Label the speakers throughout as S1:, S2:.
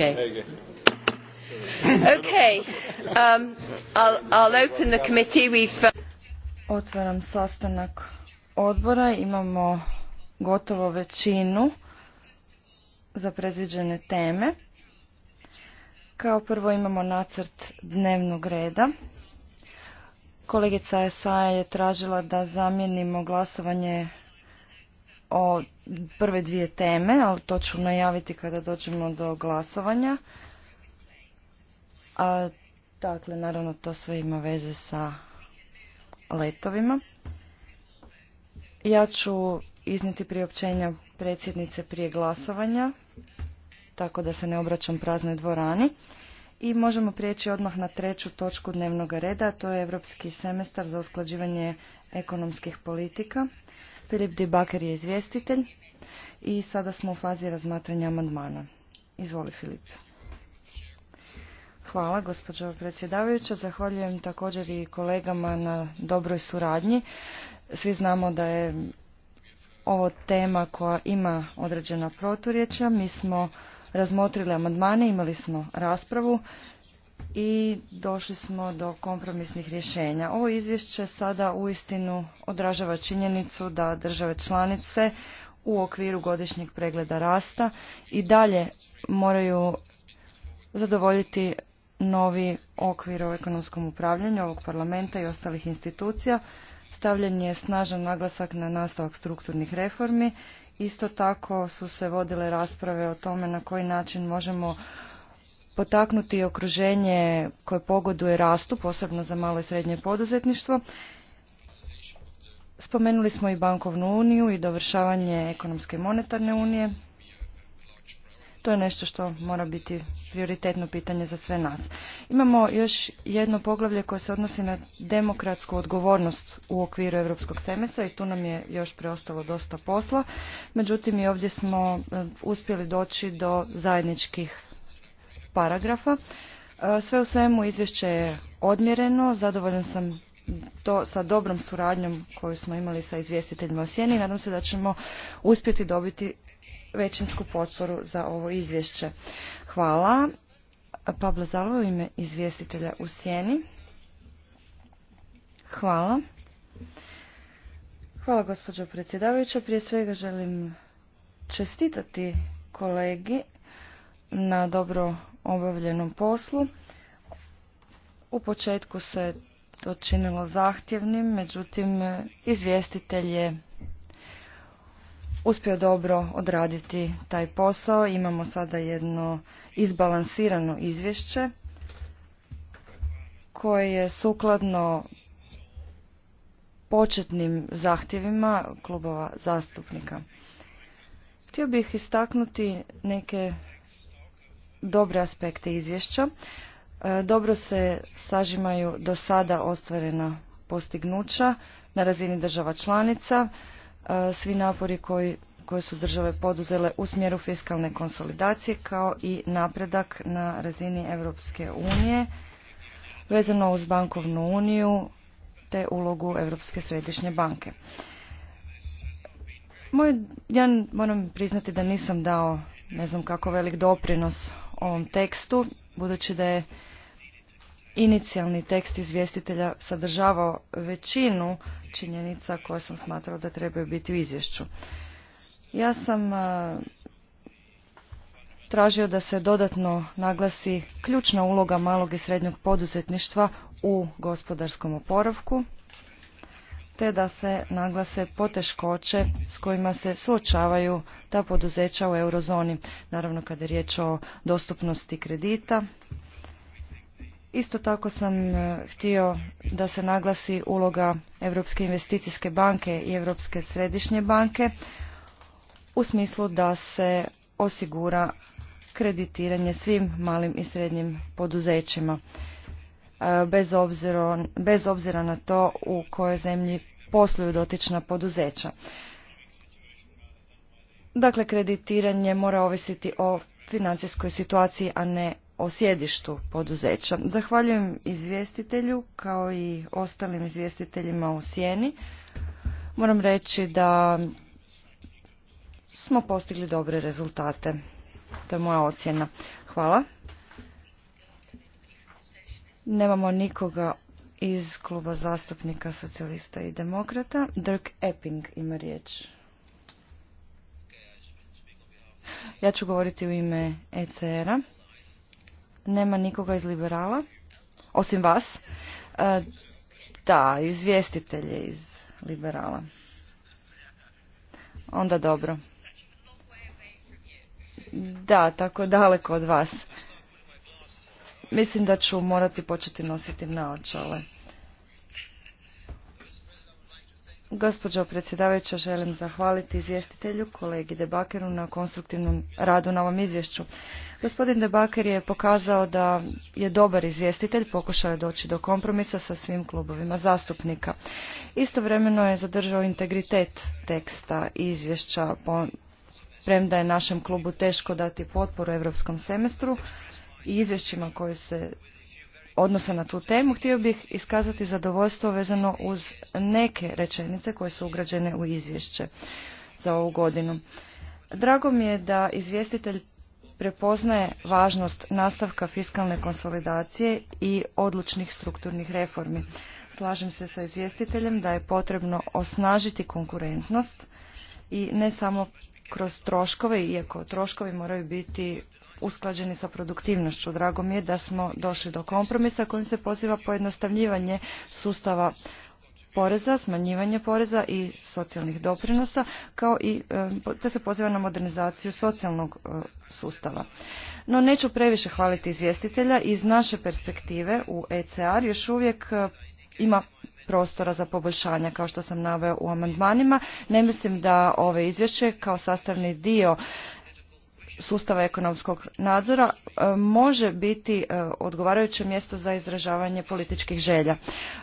S1: Okay.
S2: Okay. Um,
S3: Otvaram sastanak odbora. Imamo gotovo većinu za predviđene teme. Kao prvo imamo nacrt dnevnog reda. Kolegica Esaja je tražila da zamijenimo glasovanje o prve dvije teme, ali to ću najaviti kada dođemo do glasovanja. A, dakle, naravno to sve ima veze sa letovima. Ja ću izniti priopćenja predsjednice prije glasovanja, tako da se ne obraćam praznoj dvorani. I možemo prijeći odmah na treću točku dnevnog reda, to je Europski semestar za usklađivanje ekonomskih politika. Filip Dibaker je izvjestitelj i sada smo u fazi razmatranja amandmana. Izvoli Filip. Hvala, gospođo predsjedavajuća. Zahvaljujem također i kolegama na dobroj suradnji. Svi znamo da je ovo tema koja ima određena proturječja. Mi smo razmotrili amandmane, imali smo raspravu i došli smo do kompromisnih rješenja. Ovo izvješće sada uistinu odražava činjenicu da države članice u okviru godišnjeg pregleda rasta i dalje moraju zadovoljiti novi okvir o ekonomskom upravljanju ovog parlamenta i ostalih institucija. Stavljen je snažan naglasak na nastavak strukturnih reformi. Isto tako su se vodile rasprave o tome na koji način možemo potaknuti okruženje koje pogoduje rastu, posebno za malo i srednje poduzetništvo. Spomenuli smo i bankovnu uniju i dovršavanje ekonomske i monetarne unije. To je nešto što mora biti prioritetno pitanje za sve nas. Imamo još jedno poglavlje koje se odnosi na demokratsku odgovornost u okviru europskog semestra i tu nam je još preostalo dosta posla. Međutim i ovdje smo e, uspjeli doći do zajedničkih paragrafa. E, sve u svemu izvješće je odmjereno, zadovoljan sam to sa dobrom suradnjom koju smo imali sa izvjestiteljima u sjeni i nadam se da ćemo uspjeti dobiti većinsku potporu za ovo izvješće. Hvala. Pablo u ime izvjestitelja u sjeni. Hvala. Hvala gospođo predsjedavajuća. Prije svega želim čestitati kolegi na dobro obavljenom poslu. U početku se to činilo zahtjevnim, međutim izvjestitelj je uspio dobro odraditi taj posao. Imamo sada jedno izbalansirano izvješće koje je sukladno početnim zahtjevima klubova zastupnika. Htio bih istaknuti neke dobre aspekte izvješća. E, dobro se sažimaju do sada ostvarena postignuća na razini država članica, e, svi napori koji koje su države poduzele u smjeru fiskalne konsolidacije kao i napredak na razini Europske unije vezano uz bankovnu uniju te ulogu Europske središnje banke. Moj, ja moram priznati da nisam dao ne znam kako velik doprinos ovom tekstu, budući da je inicijalni tekst izvjestitelja sadržavao većinu činjenica koje sam smatrao da trebaju biti u izvješću. Ja sam tražio da se dodatno naglasi ključna uloga malog i srednjeg poduzetništva u gospodarskom oporavku te da se naglase poteškoće s kojima se suočavaju ta poduzeća u eurozoni, naravno kada je riječ o dostupnosti kredita. Isto tako sam e, htio da se naglasi uloga Europske investicijske banke i Europske središnje banke u smislu da se osigura kreditiranje svim malim i srednjim poduzećima. E, bez obzira, bez obzira na to u kojoj zemlji posluju dotična poduzeća. Dakle, kreditiranje mora ovisiti o financijskoj situaciji, a ne o sjedištu poduzeća. Zahvaljujem izvjestitelju kao i ostalim izvjestiteljima u Sjeni. Moram reći da smo postigli dobre rezultate. To je moja ocjena. Hvala. Nemamo nikoga iz kluba zastupnika socijalista i demokrata. Dirk Epping ima riječ. Ja ću govoriti u ime ECR-a. Nema nikoga iz liberala, osim vas. E, da, izvjestitelje iz liberala. Onda dobro. Da, tako daleko od vas. Mislim da ću morati početi nositi naočale. Gospođo predsjedavajuća, želim zahvaliti izvjestitelju, kolegi Debakeru na konstruktivnom radu na ovom izvješću. Gospodin Debaker je pokazao da je dobar izvjestitelj, pokušao je doći do kompromisa sa svim klubovima zastupnika. Istovremeno je zadržao integritet teksta i izvješća, premda je našem klubu teško dati potporu europskom semestru, i izvješćima koje se odnose na tu temu, htio bih iskazati zadovoljstvo vezano uz neke rečenice koje su ugrađene u izvješće za ovu godinu. Drago mi je da izvjestitelj prepoznaje važnost nastavka fiskalne konsolidacije i odlučnih strukturnih reformi. Slažem se sa izvjestiteljem da je potrebno osnažiti konkurentnost i ne samo kroz troškove, iako troškovi moraju biti usklađeni sa produktivnošću. Drago mi je da smo došli do kompromisa kojim se poziva pojednostavljivanje sustava poreza, smanjivanje poreza i socijalnih doprinosa, kao i da e, se poziva na modernizaciju socijalnog e, sustava. No neću previše hvaliti izvjestitelja, iz naše perspektive u ECR još uvijek e, ima prostora za poboljšanje, kao što sam naveo u amandmanima. Ne mislim da ove izvješće kao sastavni dio sustava ekonomskog nadzora e, može biti e, odgovarajuće mjesto za izražavanje političkih želja.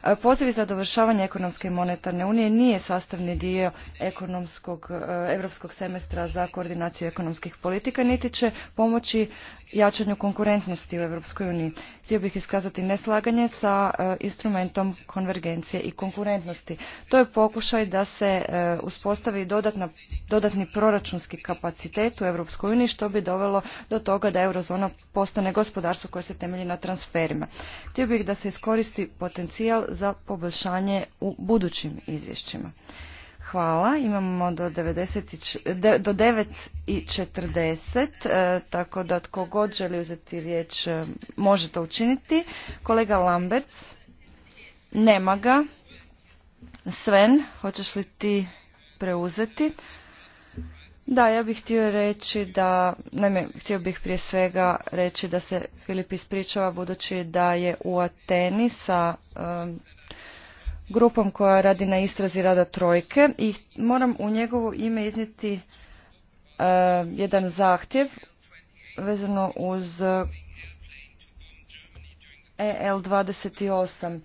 S3: E, pozivi za dovršavanje ekonomske i monetarne unije nije sastavni dio ekonomskog, europskog semestra za koordinaciju ekonomskih politika, niti će pomoći jačanju konkurentnosti u Europskoj uniji. Htio bih iskazati neslaganje sa instrumentom konvergencije i konkurentnosti. To je pokušaj da se uspostavi dodatna, dodatni proračunski kapacitet u Europskoj uniji što što bi dovelo do toga da eurozona postane gospodarstvo koje se temelji na transferima. Htio bih da se iskoristi potencijal za poboljšanje u budućim izvješćima. Hvala. Imamo do, 90, do 9.40, e, tako da tko god želi uzeti riječ e, može to učiniti. Kolega Lamberts, nema ga. Sven, hoćeš li ti preuzeti? Da, ja bih htio reći da, naime, htio bih prije svega reći da se Filip ispričava budući da je u Ateni sa grupom koja radi na istrazi rada trojke i moram u njegovo ime iznijeti jedan zahtjev vezano uz EL-28.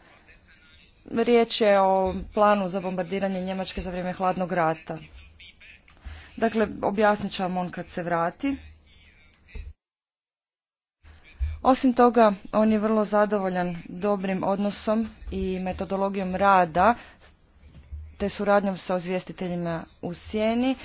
S3: Riječ je o planu za bombardiranje Njemačke za vrijeme hladnog rata. Dakle, objasnit ću vam on kad se vrati. Osim toga, on je vrlo zadovoljan dobrim odnosom i metodologijom rada te suradnjom sa ozvjestiteljima u sjeni.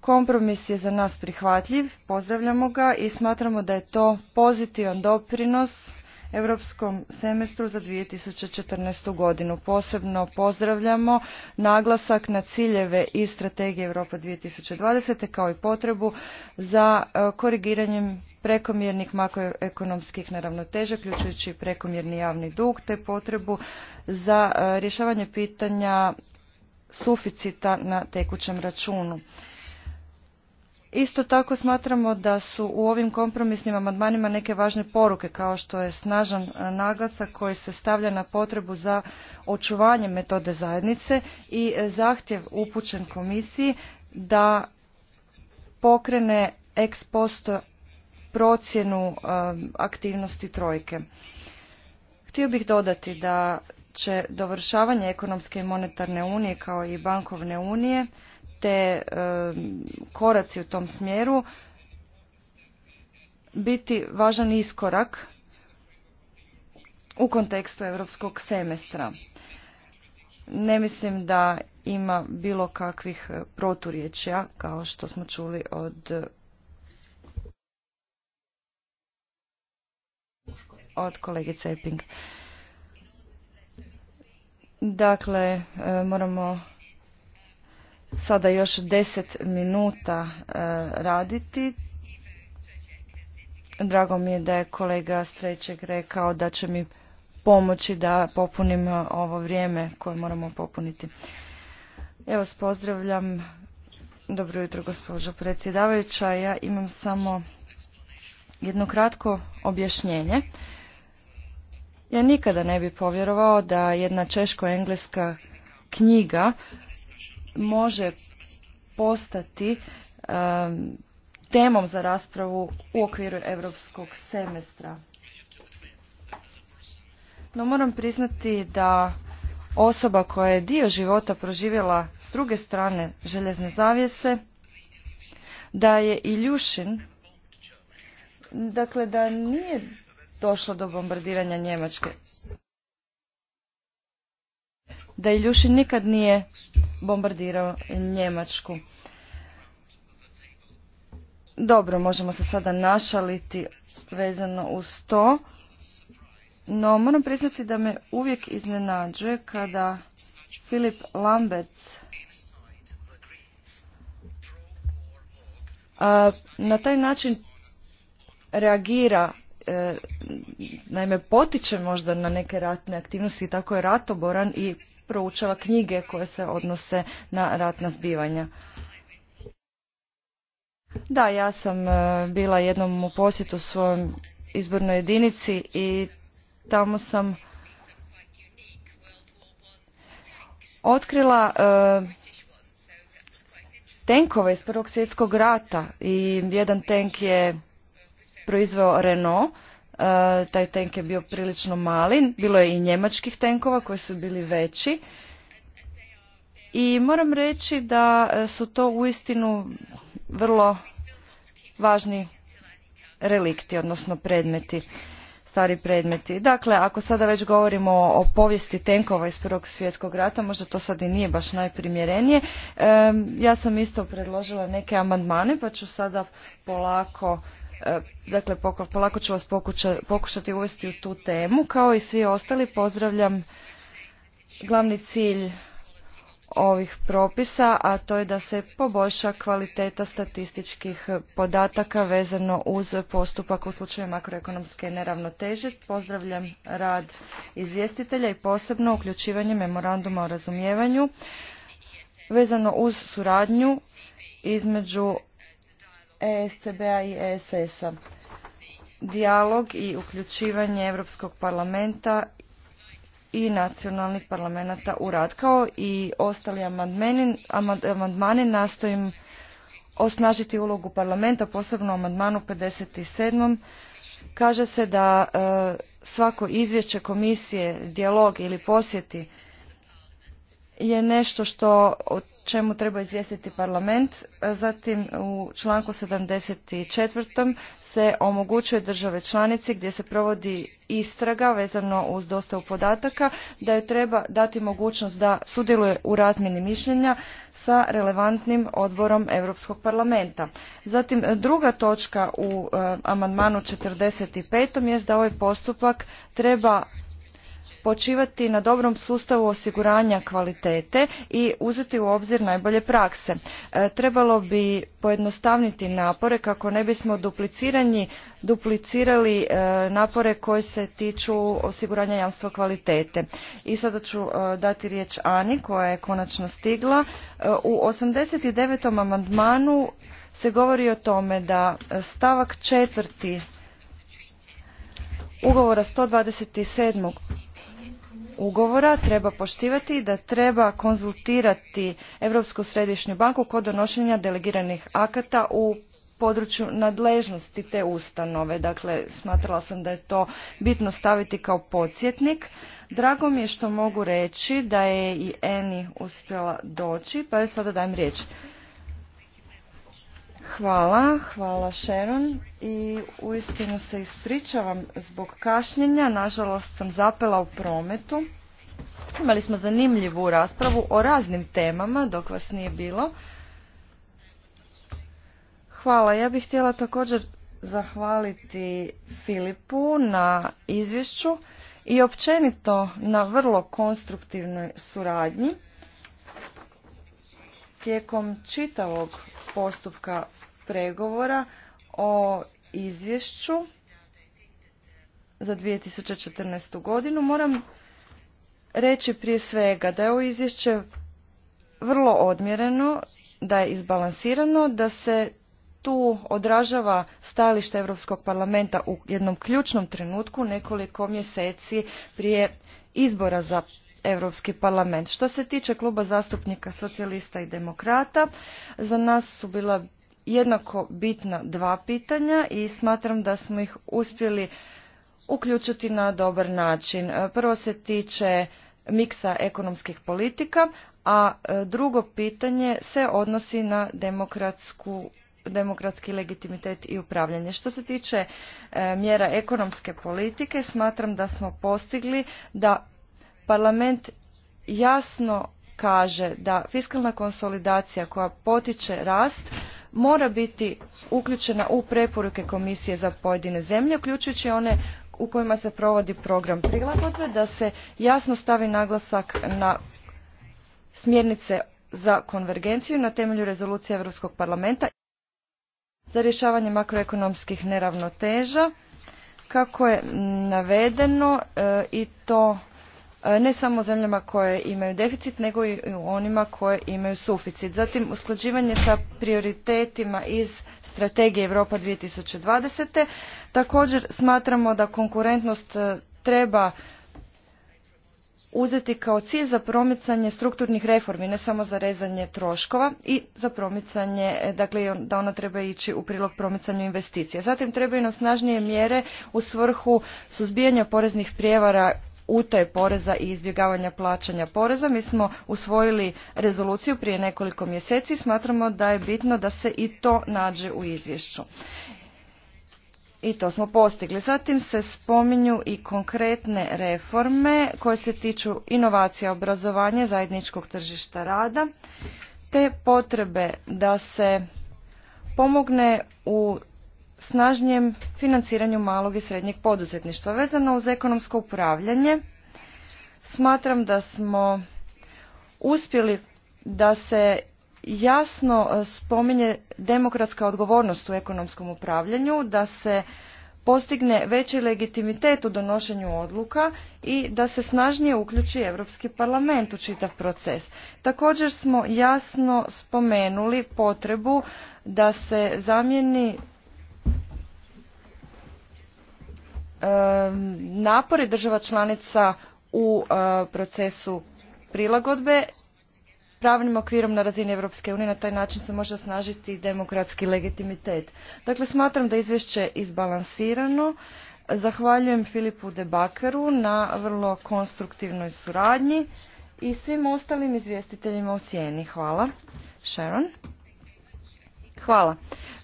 S3: Kompromis je za nas prihvatljiv, pozdravljamo ga i smatramo da je to pozitivan doprinos europskom semestru za 2014. godinu. Posebno pozdravljamo naglasak na ciljeve i strategije Europa 2020. kao i potrebu za e, korigiranjem prekomjernih makroekonomskih neravnoteža, ključujući prekomjerni javni dug, te potrebu za e, rješavanje pitanja suficita na tekućem računu. Isto tako smatramo da su u ovim kompromisnim amandmanima neke važne poruke kao što je snažan e, naglasak koji se stavlja na potrebu za očuvanje metode zajednice i e, zahtjev upućen komisiji da pokrene ex post procjenu e, aktivnosti trojke. Htio bih dodati da će dovršavanje ekonomske i monetarne unije kao i bankovne unije te eh, koraci u tom smjeru biti važan iskorak u kontekstu europskog semestra. Ne mislim da ima bilo kakvih eh, proturječja kao što smo čuli od od kolege ceping Dakle, eh, moramo sada još deset minuta e, raditi. Drago mi je da je kolega Streček rekao da će mi pomoći da popunim ovo vrijeme koje moramo popuniti. Evo spozdravljam. pozdravljam. Dobro jutro gospođo predsjedavajuća. Ja imam samo jedno kratko objašnjenje. Ja nikada ne bi povjerovao da jedna češko-engleska knjiga može postati um, temom za raspravu u okviru europskog semestra. No moram priznati da osoba koja je dio života proživjela s druge strane željezne zavjese, da je Iljušin, dakle da nije došlo do bombardiranja Njemačke da Iljušin nikad nije bombardirao Njemačku. Dobro, možemo se sada našaliti vezano uz to, no moram priznati da me uvijek iznenađuje kada Filip Lamberts na taj način reagira E, naime potiče možda na neke ratne aktivnosti i tako je ratoboran i proučava knjige koje se odnose na ratna zbivanja. Da, ja sam e, bila jednom u posjetu svojom izbornoj jedinici i tamo sam otkrila e, tenkove iz Prvog svjetskog rata i jedan tenk je proizveo Renault. E, taj tank je bio prilično mali. Bilo je i njemačkih tenkova koji su bili veći. I moram reći da e, su to uistinu vrlo važni relikti, odnosno predmeti, stari predmeti. Dakle, ako sada već govorimo o, povijesti tenkova iz Prvog svjetskog rata, možda to sad i nije baš najprimjerenije. ja sam isto predložila neke amandmane, pa ću sada polako Dakle, polako ću vas pokušati uvesti u tu temu. Kao i svi ostali, pozdravljam glavni cilj ovih propisa, a to je da se poboljša kvaliteta statističkih podataka vezano uz postupak u slučaju makroekonomske neravnoteže. Pozdravljam rad izvjestitelja i posebno uključivanje memoranduma o razumijevanju vezano uz suradnju između ESCB-a i ESS-a. Dijalog i uključivanje Europskog parlamenta i nacionalnih parlamenta u rad. Kao i ostali amandmani nastojim osnažiti ulogu parlamenta, posebno u amandmanu 57. Kaže se da e, svako izvješće komisije, dijalog ili posjeti je nešto što čemu treba izvijestiti parlament. Zatim u članku 74. se omogućuje države članici gdje se provodi istraga vezano uz dostavu podataka da joj treba dati mogućnost da sudjeluje u razmjeni mišljenja sa relevantnim odborom Europskog parlamenta. Zatim druga točka u e, amandmanu 45. je da ovaj postupak treba počivati na dobrom sustavu osiguranja kvalitete i uzeti u obzir najbolje prakse. E, trebalo bi pojednostavniti napore kako ne bismo dupliciranji duplicirali e, napore koje se tiču osiguranja jamstva kvalitete. I sada ću e, dati riječ Ani koja je konačno stigla. U 89. amandmanu se govori o tome da stavak četvrti ugovora 127 ugovora treba poštivati i da treba konzultirati Europsku središnju banku kod donošenja delegiranih akata u području nadležnosti te ustanove. Dakle, smatrala sam da je to bitno staviti kao podsjetnik. Drago mi je što mogu reći da je i Eni uspjela doći, pa joj sada dajem riječ. Hvala, hvala Sharon i uistinu se ispričavam zbog kašnjenja, nažalost sam zapela u prometu. Imali smo zanimljivu raspravu o raznim temama dok vas nije bilo. Hvala, ja bih htjela također zahvaliti Filipu na izvješću i općenito na vrlo konstruktivnoj suradnji tijekom čitavog postupka pregovora o izvješću za 2014. godinu moram reći prije svega da je ovo izvješće vrlo odmjereno, da je izbalansirano, da se tu odražava stajalište Europskog parlamenta u jednom ključnom trenutku nekoliko mjeseci prije izbora za Europski parlament. Što se tiče kluba zastupnika socijalista i demokrata, za nas su bila jednako bitna dva pitanja i smatram da smo ih uspjeli uključiti na dobar način. Prvo se tiče miksa ekonomskih politika, a e, drugo pitanje se odnosi na demokratsku demokratski legitimitet i upravljanje. Što se tiče e, mjera ekonomske politike, smatram da smo postigli da Parlament jasno kaže da fiskalna konsolidacija koja potiče rast mora biti uključena u preporuke komisije za pojedine zemlje, uključujući one u kojima se provodi program prilagodbe, da se jasno stavi naglasak na smjernice za konvergenciju na temelju rezolucije Europskog parlamenta za rješavanje makroekonomskih neravnoteža, kako je navedeno e, i to E, ne samo zemljama koje imaju deficit, nego i onima koje imaju suficit. Zatim usklađivanje sa prioritetima iz strategije Europa 2020. Također smatramo da konkurentnost e, treba uzeti kao cilj za promicanje strukturnih reformi, ne samo za rezanje troškova i za promicanje, e, dakle da ona treba ići u prilog promicanju investicija. Zatim trebaju nam snažnije mjere u svrhu suzbijanja poreznih prijevara utaje poreza i izbjegavanja plaćanja poreza. Mi smo usvojili rezoluciju prije nekoliko mjeseci i smatramo da je bitno da se i to nađe u izvješću. I to smo postigli. Zatim se spominju i konkretne reforme koje se tiču inovacija obrazovanja zajedničkog tržišta rada te potrebe da se pomogne u snažnijem financiranju malog i srednjeg poduzetništva. Vezano uz ekonomsko upravljanje, smatram da smo uspjeli da se jasno e, spominje demokratska odgovornost u ekonomskom upravljanju, da se postigne veći legitimitet u donošenju odluka i da se snažnije uključi Europski parlament u čitav proces. Također smo jasno spomenuli potrebu da se zamijeni Um, napori država članica u uh, procesu prilagodbe pravnim okvirom na razini Europske unije na taj način se može osnažiti demokratski legitimitet. Dakle, smatram da izvješće izbalansirano. Zahvaljujem Filipu de Bakeru na vrlo konstruktivnoj suradnji i svim ostalim izvjestiteljima u Sijeni. Hvala. Sharon? Hvala.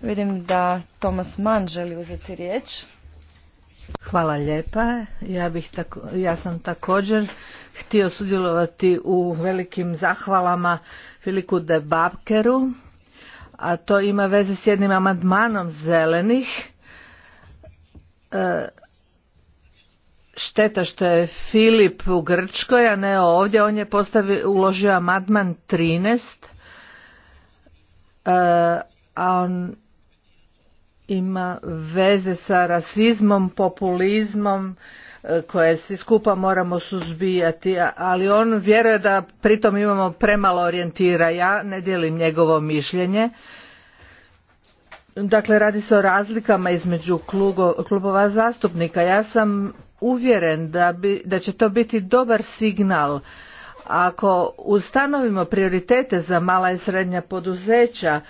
S3: Vidim da Thomas Mann želi uzeti riječ.
S2: Hvala lijepa. Ja, bih tako, ja sam također htio sudjelovati u velikim zahvalama Filiku de Babkeru, a to ima veze s jednim amandmanom zelenih. E, šteta što je Filip u Grčkoj, a ne ovdje, on je postavi, uložio amandman 13, e, a on ima veze sa rasizmom, populizmom e, koje svi skupa moramo suzbijati, ali on vjeruje da pritom imamo premalo orijentira. Ja ne dijelim njegovo mišljenje. Dakle, radi se o razlikama između klubova zastupnika. Ja sam uvjeren da, bi, da će to biti dobar signal ako ustanovimo prioritete za mala i srednja poduzeća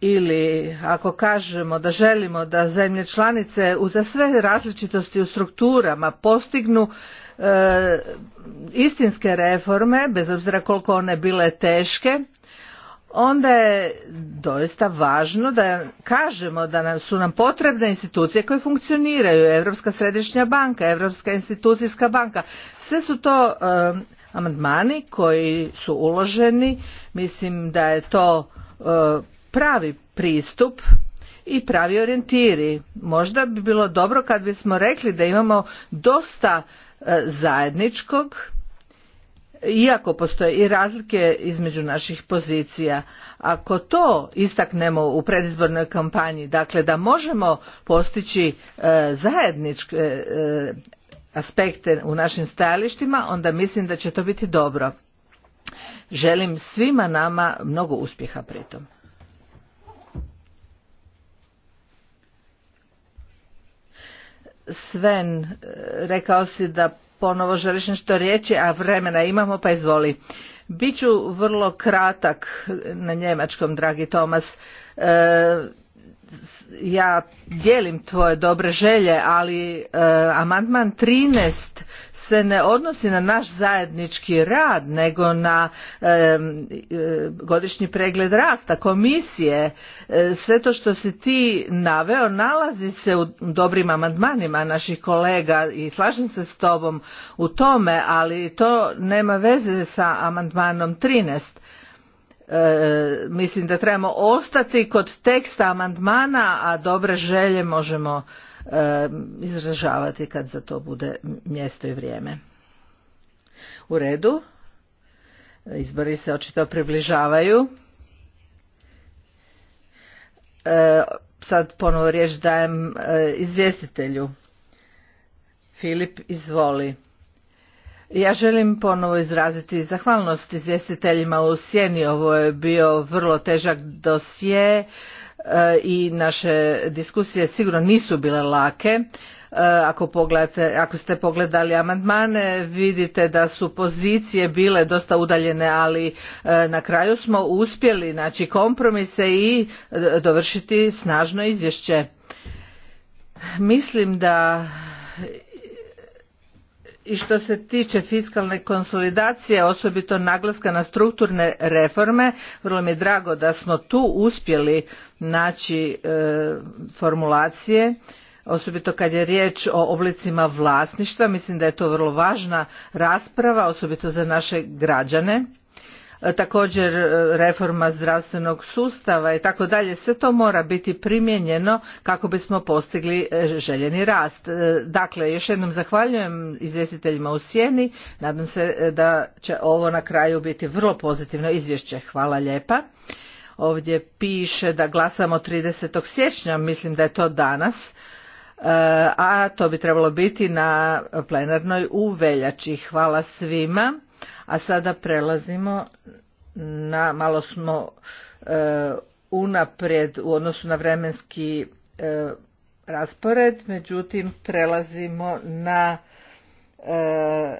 S2: ili ako kažemo da želimo da zemlje članice uza sve različitosti u strukturama postignu e, istinske reforme bez obzira koliko one bile teške onda je doista važno da kažemo da nam, su nam potrebne institucije koje funkcioniraju europska središnja banka europska institucijska banka sve su to e, amandmani koji su uloženi mislim da je to e, pravi pristup i pravi orijentiri. Možda bi bilo dobro kad bismo rekli da imamo dosta e, zajedničkog, iako postoje i razlike između naših pozicija. Ako to istaknemo u predizbornoj kampanji, dakle da možemo postići e, zajedničke e, aspekte u našim stajalištima, onda mislim da će to biti dobro. Želim svima nama mnogo uspjeha pritom. Sven, e, rekao si da ponovo želiš nešto riječi, a vremena imamo, pa izvoli. Biću vrlo kratak na njemačkom, dragi Tomas. E, ja dijelim tvoje dobre želje, ali e, amandman 13 se ne odnosi na naš zajednički rad nego na e, godišnji pregled rasta komisije e, sve to što si ti naveo nalazi se u dobrim amandmanima naših kolega i slažem se s tobom u tome ali to nema veze sa amandmanom 13 e, mislim da trebamo ostati kod teksta amandmana, a dobre želje možemo izražavati kad za to bude mjesto i vrijeme. U redu. Izbori se očito približavaju. E, sad ponovo riječ dajem e, izvjestitelju. Filip, izvoli. Ja želim ponovo izraziti zahvalnost izvjestiteljima u Sjeni. Ovo je bio vrlo težak dosje i naše diskusije sigurno nisu bile lake. E, ako, ako ste pogledali amandmane vidite da su pozicije bile dosta udaljene ali e, na kraju smo uspjeli naći kompromise i e, dovršiti snažno izvješće. Mislim da i što se tiče fiskalne konsolidacije, osobito naglaska na strukturne reforme, vrlo mi je drago da smo tu uspjeli naći e, formulacije, osobito kad je riječ o oblicima vlasništva, mislim da je to vrlo važna rasprava, osobito za naše građane E, također e, reforma zdravstvenog sustava i tako dalje sve to mora biti primijenjeno kako bismo postigli e, željeni rast dakle još jednom zahvaljujem izvjestiteljima u sjeni nadam se da će ovo na kraju biti vrlo pozitivno izvješće hvala lijepa ovdje piše da glasamo 30. siječnja mislim da je to danas a to bi trebalo biti na plenarnoj u veljači hvala svima a sada prelazimo na, malo smo e, unaprijed u odnosu na vremenski e, raspored, međutim prelazimo na e,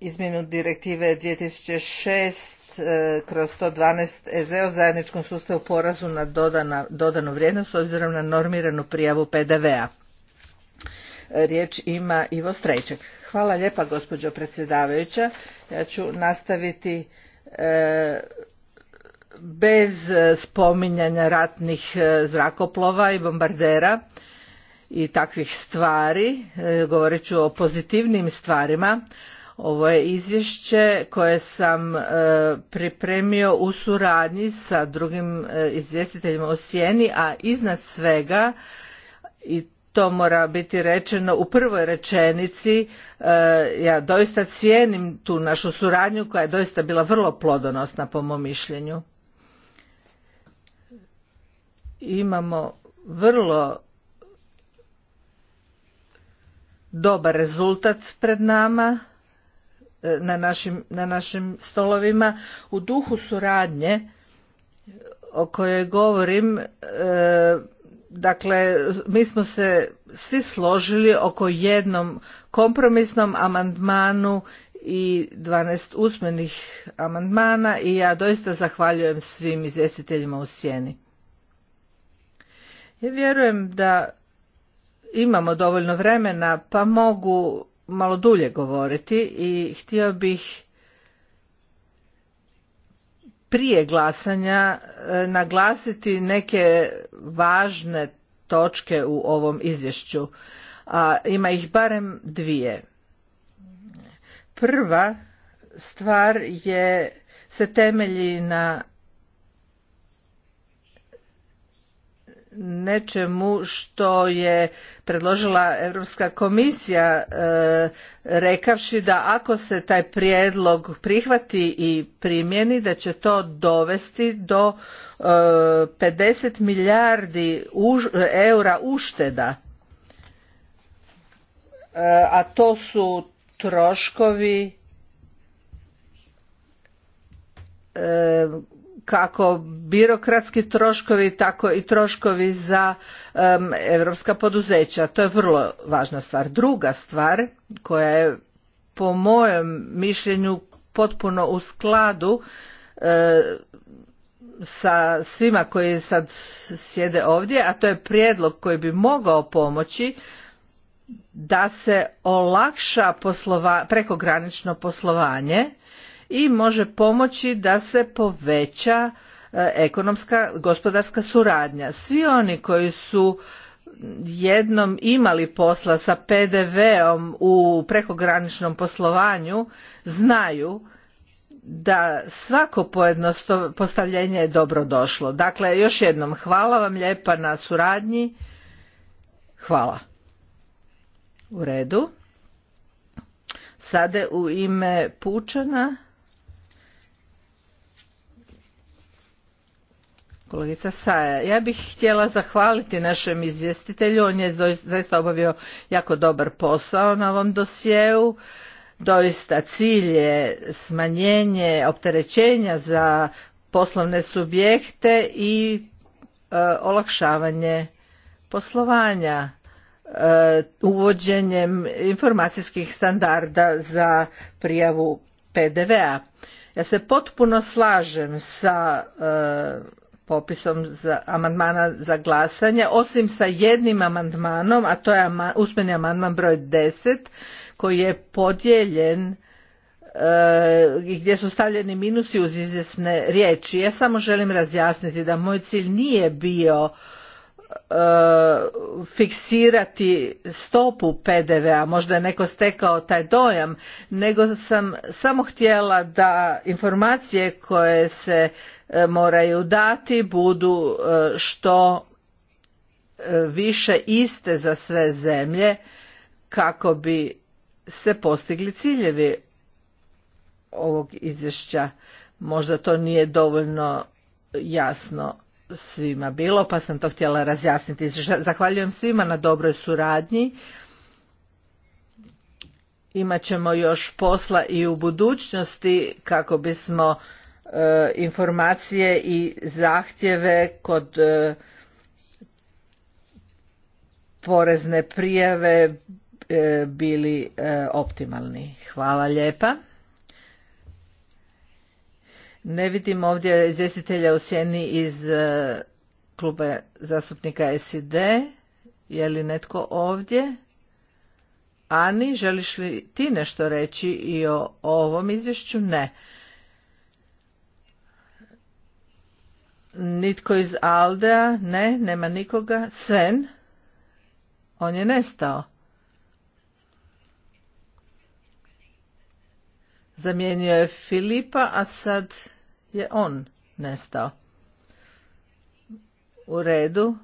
S2: izmjenu direktive 2006 e, kroz 112 EZ o zajedničkom sustavu porazu na dodanu vrijednost s obzirom na normiranu prijavu PDV-a. Riječ ima Ivo Strejček. Hvala lijepa gospođo predsjedavajuća. Ja ću nastaviti e, bez spominjanja ratnih e, zrakoplova i bombardera i takvih stvari. E, govorit ću o pozitivnim stvarima. Ovo je izvješće koje sam pripremio u suradnji sa drugim izvjestiteljima o sjeni, a iznad svega i to mora biti rečeno u prvoj rečenici. E, ja doista cijenim tu našu suradnju koja je doista bila vrlo plodonosna po mom mišljenju. Imamo vrlo dobar rezultat pred nama e, na našim, na našim stolovima. U duhu suradnje o kojoj govorim e, Dakle, mi smo se svi složili oko jednom kompromisnom amandmanu i 12 usmenih amandmana i ja doista zahvaljujem svim izvjestiteljima u sjeni. Ja vjerujem da imamo dovoljno vremena pa mogu malo dulje govoriti i htio bih prije glasanja e, naglasiti neke važne točke u ovom izvješću a ima ih barem dvije prva stvar je se temelji na nečemu što je predložila Europska komisija e, rekavši da ako se taj prijedlog prihvati i primjeni da će to dovesti do e, 50 milijardi eura ušteda e, a to su troškovi e, kako birokratski troškovi tako i troškovi za um, europska poduzeća to je vrlo važna stvar druga stvar koja je po mojem mišljenju potpuno u skladu e, sa svima koji sad sjede ovdje a to je prijedlog koji bi mogao pomoći da se olakša prekogranično poslovanje i može pomoći da se poveća e, ekonomska gospodarska suradnja. Svi oni koji su jednom imali posla sa PDV-om u prekograničnom poslovanju znaju da svako postavljenje je dobro došlo. Dakle, još jednom hvala vam lijepa na suradnji. Hvala. U redu. Sada u ime Pučana. kolegica Saja. Ja bih htjela zahvaliti našem izvjestitelju, on je zaista obavio jako dobar posao na ovom dosjeu. Doista cilj je smanjenje opterećenja za poslovne subjekte i e, olakšavanje poslovanja e, uvođenjem informacijskih standarda za prijavu PDV-a. Ja se potpuno slažem sa e, popisom za, amandmana za glasanje, osim sa jednim amandmanom, a to je usmeni amandman broj 10, koji je podijeljen e, gdje su stavljeni minusi uz izvjesne riječi. Ja samo želim razjasniti da moj cilj nije bio E, fiksirati stopu PDV-a, možda je neko stekao taj dojam, nego sam samo htjela da informacije koje se e, moraju dati budu e, što više iste za sve zemlje kako bi se postigli ciljevi ovog izvješća. Možda to nije dovoljno jasno svima bilo, pa sam to htjela razjasniti. Zahvaljujem svima na dobroj suradnji. Imaćemo ćemo još posla i u budućnosti kako bismo e, informacije i zahtjeve kod e, porezne prijave e, bili optimalni. Hvala lijepa. Ne vidim ovdje izvjestitelja u sjeni iz e, kluba zastupnika SID. Je li netko ovdje? Ani, želiš li ti nešto reći i o ovom izvješću? Ne. Nitko iz Aldea? Ne, nema nikoga. Sven? On je nestao. Zamijenio je Filipa, a sad je on nestao. U redu.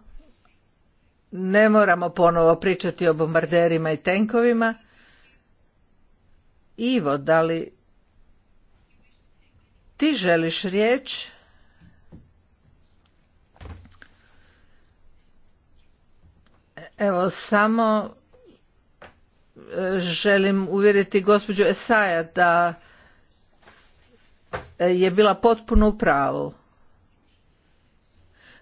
S2: Ne moramo ponovo pričati o bombarderima i tenkovima. Ivo, da li ti želiš riječ? Evo, samo želim uvjeriti gospođu Esaja da e, je bila potpuno u pravu.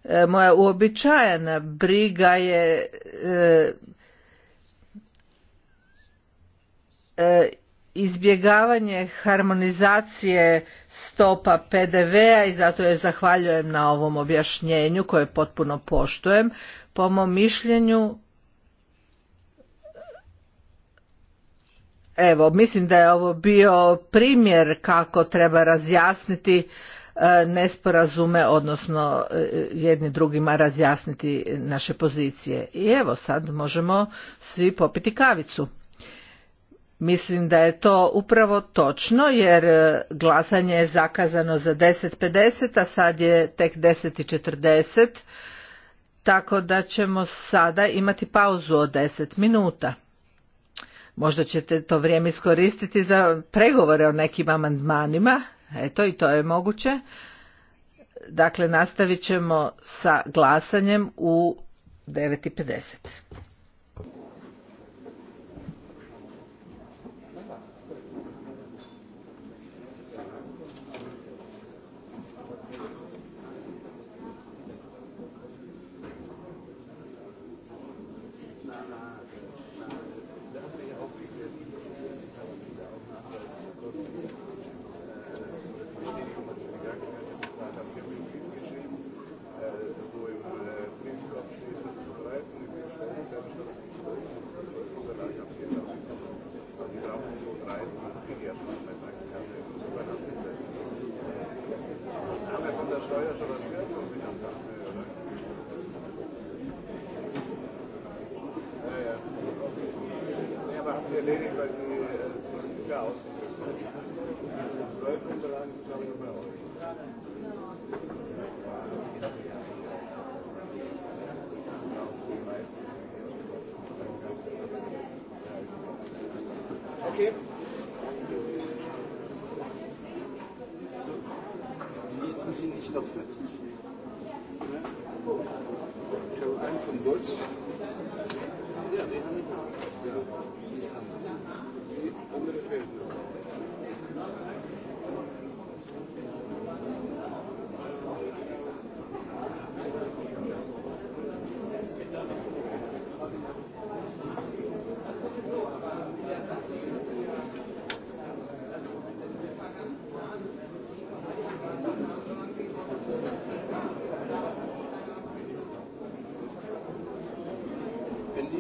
S2: E, moja uobičajena briga je e, izbjegavanje harmonizacije stopa PDV-a i zato je zahvaljujem na ovom objašnjenju koje potpuno poštujem. Po mom mišljenju Evo, mislim da je ovo bio primjer kako treba razjasniti e, nesporazume, odnosno e, jedni drugima razjasniti naše pozicije. I evo sad možemo svi popiti kavicu. Mislim da je to upravo točno jer e, glasanje je zakazano za 10.50, a sad je tek 10.40, tako da ćemo sada imati pauzu od 10 minuta. Možda ćete to vrijeme iskoristiti za pregovore o nekim amandmanima, eto i to je moguće. Dakle, nastavit ćemo sa glasanjem u 9.50.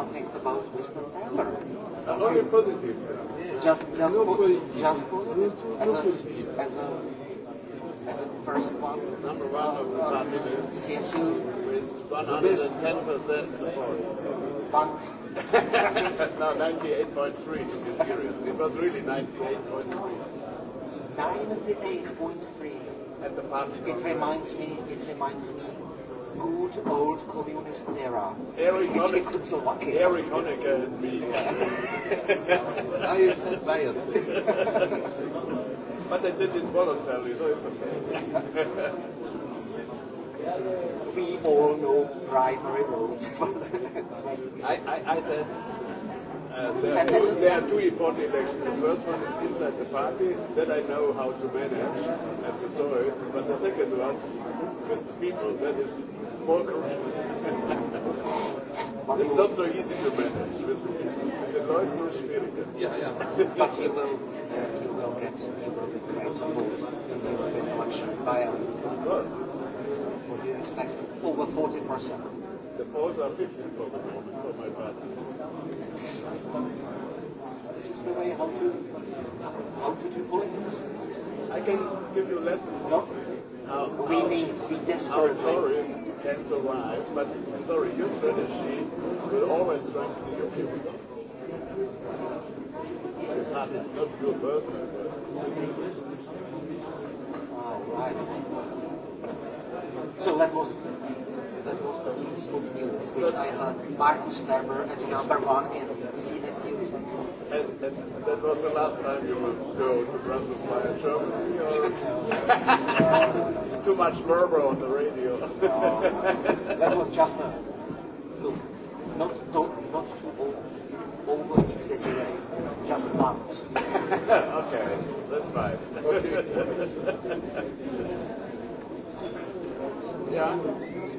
S1: something about Mr. Taylor. A lot of positives. Just, just, no, po just positive. As a, as a, as a first one. Number one of the party uh, CSU. With 110% support. But. no, 98.3 to be serious. It was really 98.3. 98.3. At the party. It reminds me, it reminds me good old communist era. Eric Honecker. Eric Honecker and me. I Bayern. but I did it voluntarily, so it's okay. we all know primary roles. I, I, I said Uh, there, are two, there are two important elections. The first one is inside the party, that I know how to manage, and so But the second one, with people that is more crucial. it's not so easy to manage with, with the Leuten nur Yeah, yeah. But you will, uh, you will get, you will get support in the European election by a... Uh, of What do you expect? Over 40%. The polls are 50 for the moment for my party. This is the way how to, how to do politics. I can give you lessons. No? our, we need to be desperate. Our tourists can survive, but sorry, your strategy will always strengthen your people. It's not, not your personal Oh, right. So that was that was the most useful news, because I had Markus Ferber as number one in CSU. And, and that was the last time you would go to Brussels by a Or... Too much Ferber on the radio. no, that was just a look. Not, not, not too old over exaggerate just once. okay, that's fine. Okay. yeah.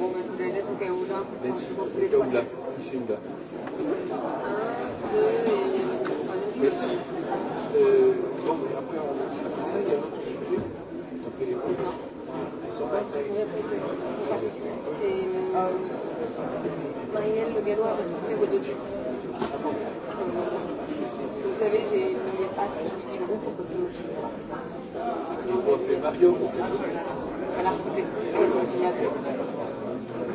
S1: wo müssen Vous savez, j'ai pour que vous... pour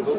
S1: Hvala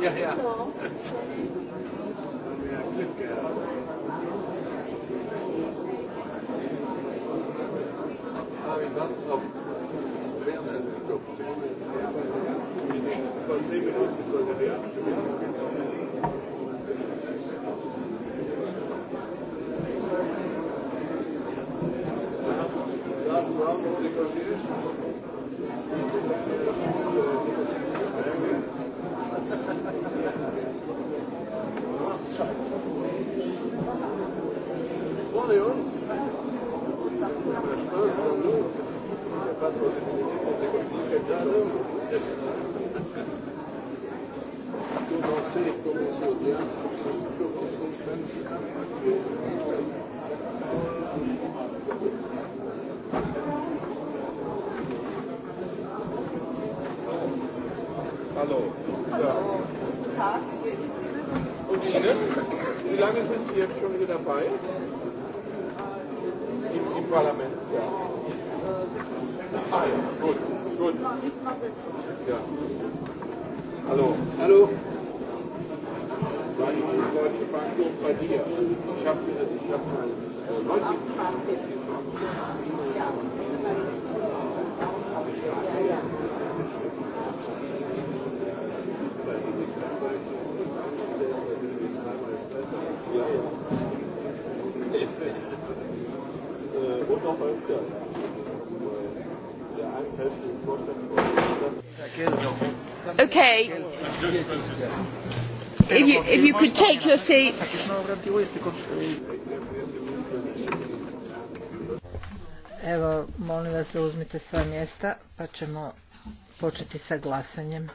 S1: Ja, ja. Ja, if you could take your seats.
S2: Evo, molim vas da uzmite svoje mjesta, pa ćemo početi sa glasanjem.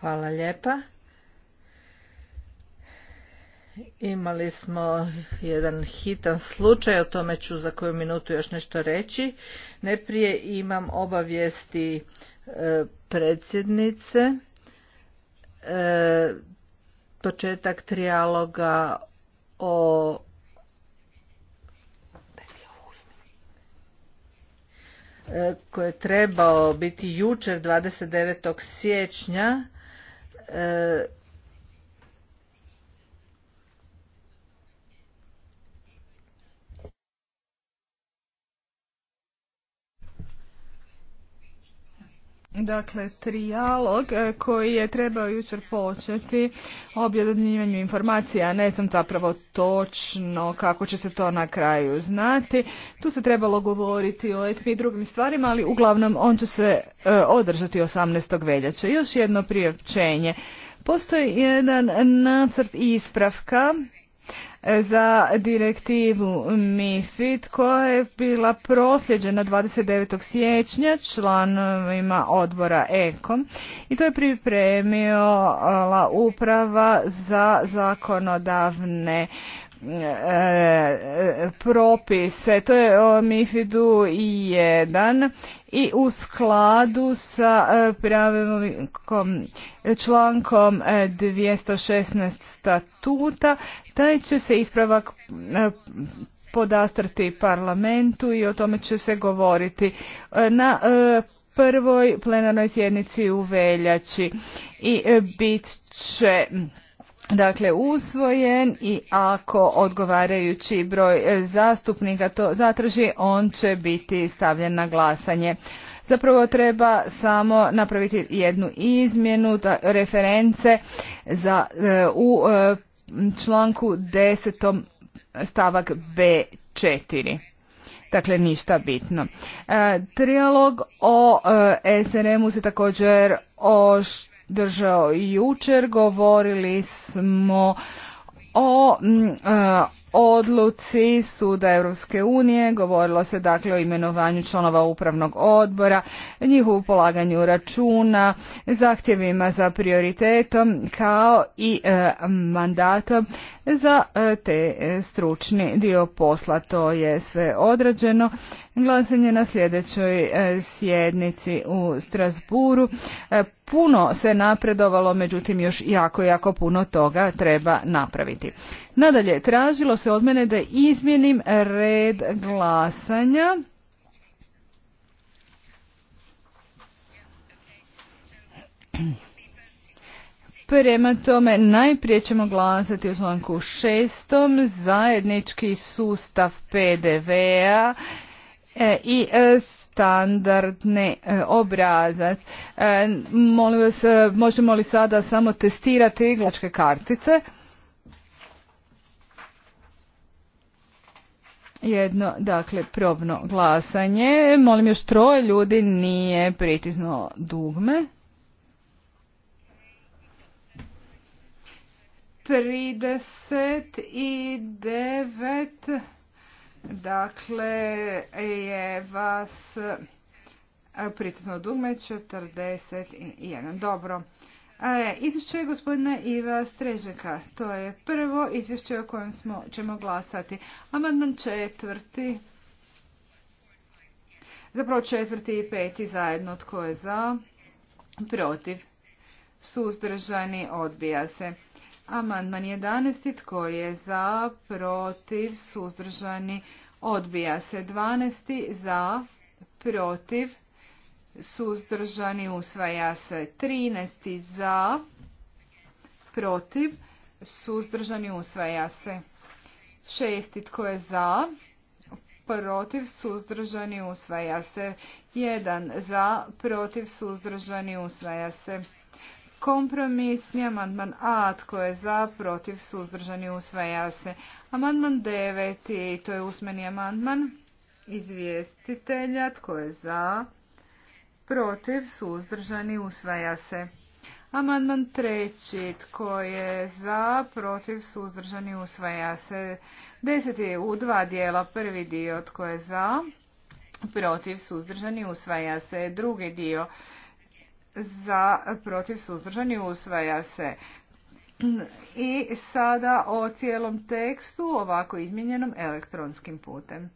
S2: Hvala lijepa. Imali smo jedan hitan slučaj, o tome ću za koju minutu još nešto reći. Neprije imam obavijesti e, predsjednice. E, početak trijaloga o e, koji je trebao biti jučer 29. siječnja
S4: Dakle, trijalog e, koji je trebao jučer početi o objedinjivanju informacija, ne znam zapravo točno kako će se to na kraju znati. Tu se trebalo govoriti o ESP i drugim stvarima, ali uglavnom on će se e, održati 18. veljače. Još jedno priopćenje. Postoji jedan nacrt ispravka za direktivu MIFID koja je bila prosljeđena 29. siječnja članovima odbora EKOM i to je pripremila uprava za zakonodavne E, propise, to je o mifid i 1 i u skladu sa e, pravilnikom člankom 216 e, statuta, taj će se ispravak podastrati parlamentu i o tome će se govoriti na prvoj plenarnoj sjednici u veljači i bit će dakle usvojen i ako odgovarajući broj e, zastupnika to zatraži on će biti stavljen na glasanje. Zapravo treba samo napraviti jednu izmjenu da, reference za, e, u e, članku 10. stavak B4. Dakle, ništa bitno. Trijalog trialog o e, SRM-u se također o držao jučer. Govorili smo o mm, e, odluci Suda Europske unije, govorilo se dakle o imenovanju članova upravnog odbora, njihovu polaganju računa, zahtjevima za prioritetom kao i e, mandatom za e, te e, stručni dio posla. To je sve odrađeno. Glasanje na sljedećoj e, sjednici u Strasburu. Puno se napredovalo, međutim još jako, jako puno toga treba napraviti. Nadalje, tražilo se od mene da izmjenim red glasanja. Prema tome, najprije ćemo glasati u članku šestom zajednički sustav PDV-a e, i e, standardni e, obrazac. Molim vas, možemo li sada samo testirati igračke kartice? Jedno, dakle, probno glasanje. Molim još troje ljudi nije pritisno dugme. devet, dakle je vas e, pritisno dugme 41. Dobro. E, izvješće je gospodina Iva Strežeka. To je prvo izvješće o kojem smo, ćemo glasati. Amandman četvrti. Zapravo četvrti i peti zajedno. Tko je za? Protiv. Suzdržani odbija se. Amandman 11. Tko je za, protiv, suzdržani, odbija se. 12. Za, protiv, suzdržani, usvaja se. 13. Za, protiv, suzdržani, usvaja se. 6. Tko je za, protiv, suzdržani, usvaja se. 1. Za, protiv, suzdržani, usvaja se. Kompromisni amandman A, tko je za, protiv, suzdržani, usvaja se. Amandman 9, to je usmeni amandman izvjestitelja, tko je za, protiv, suzdržani, usvaja se. Amandman treći, tko je za, protiv, suzdržani, usvaja se. Deseti je u dva dijela, prvi dio, tko je za, protiv, suzdržani, usvaja se. Drugi dio, za protiv suzdržani usvaja se. I sada o cijelom tekstu ovako izmijenjenom elektronskim putem.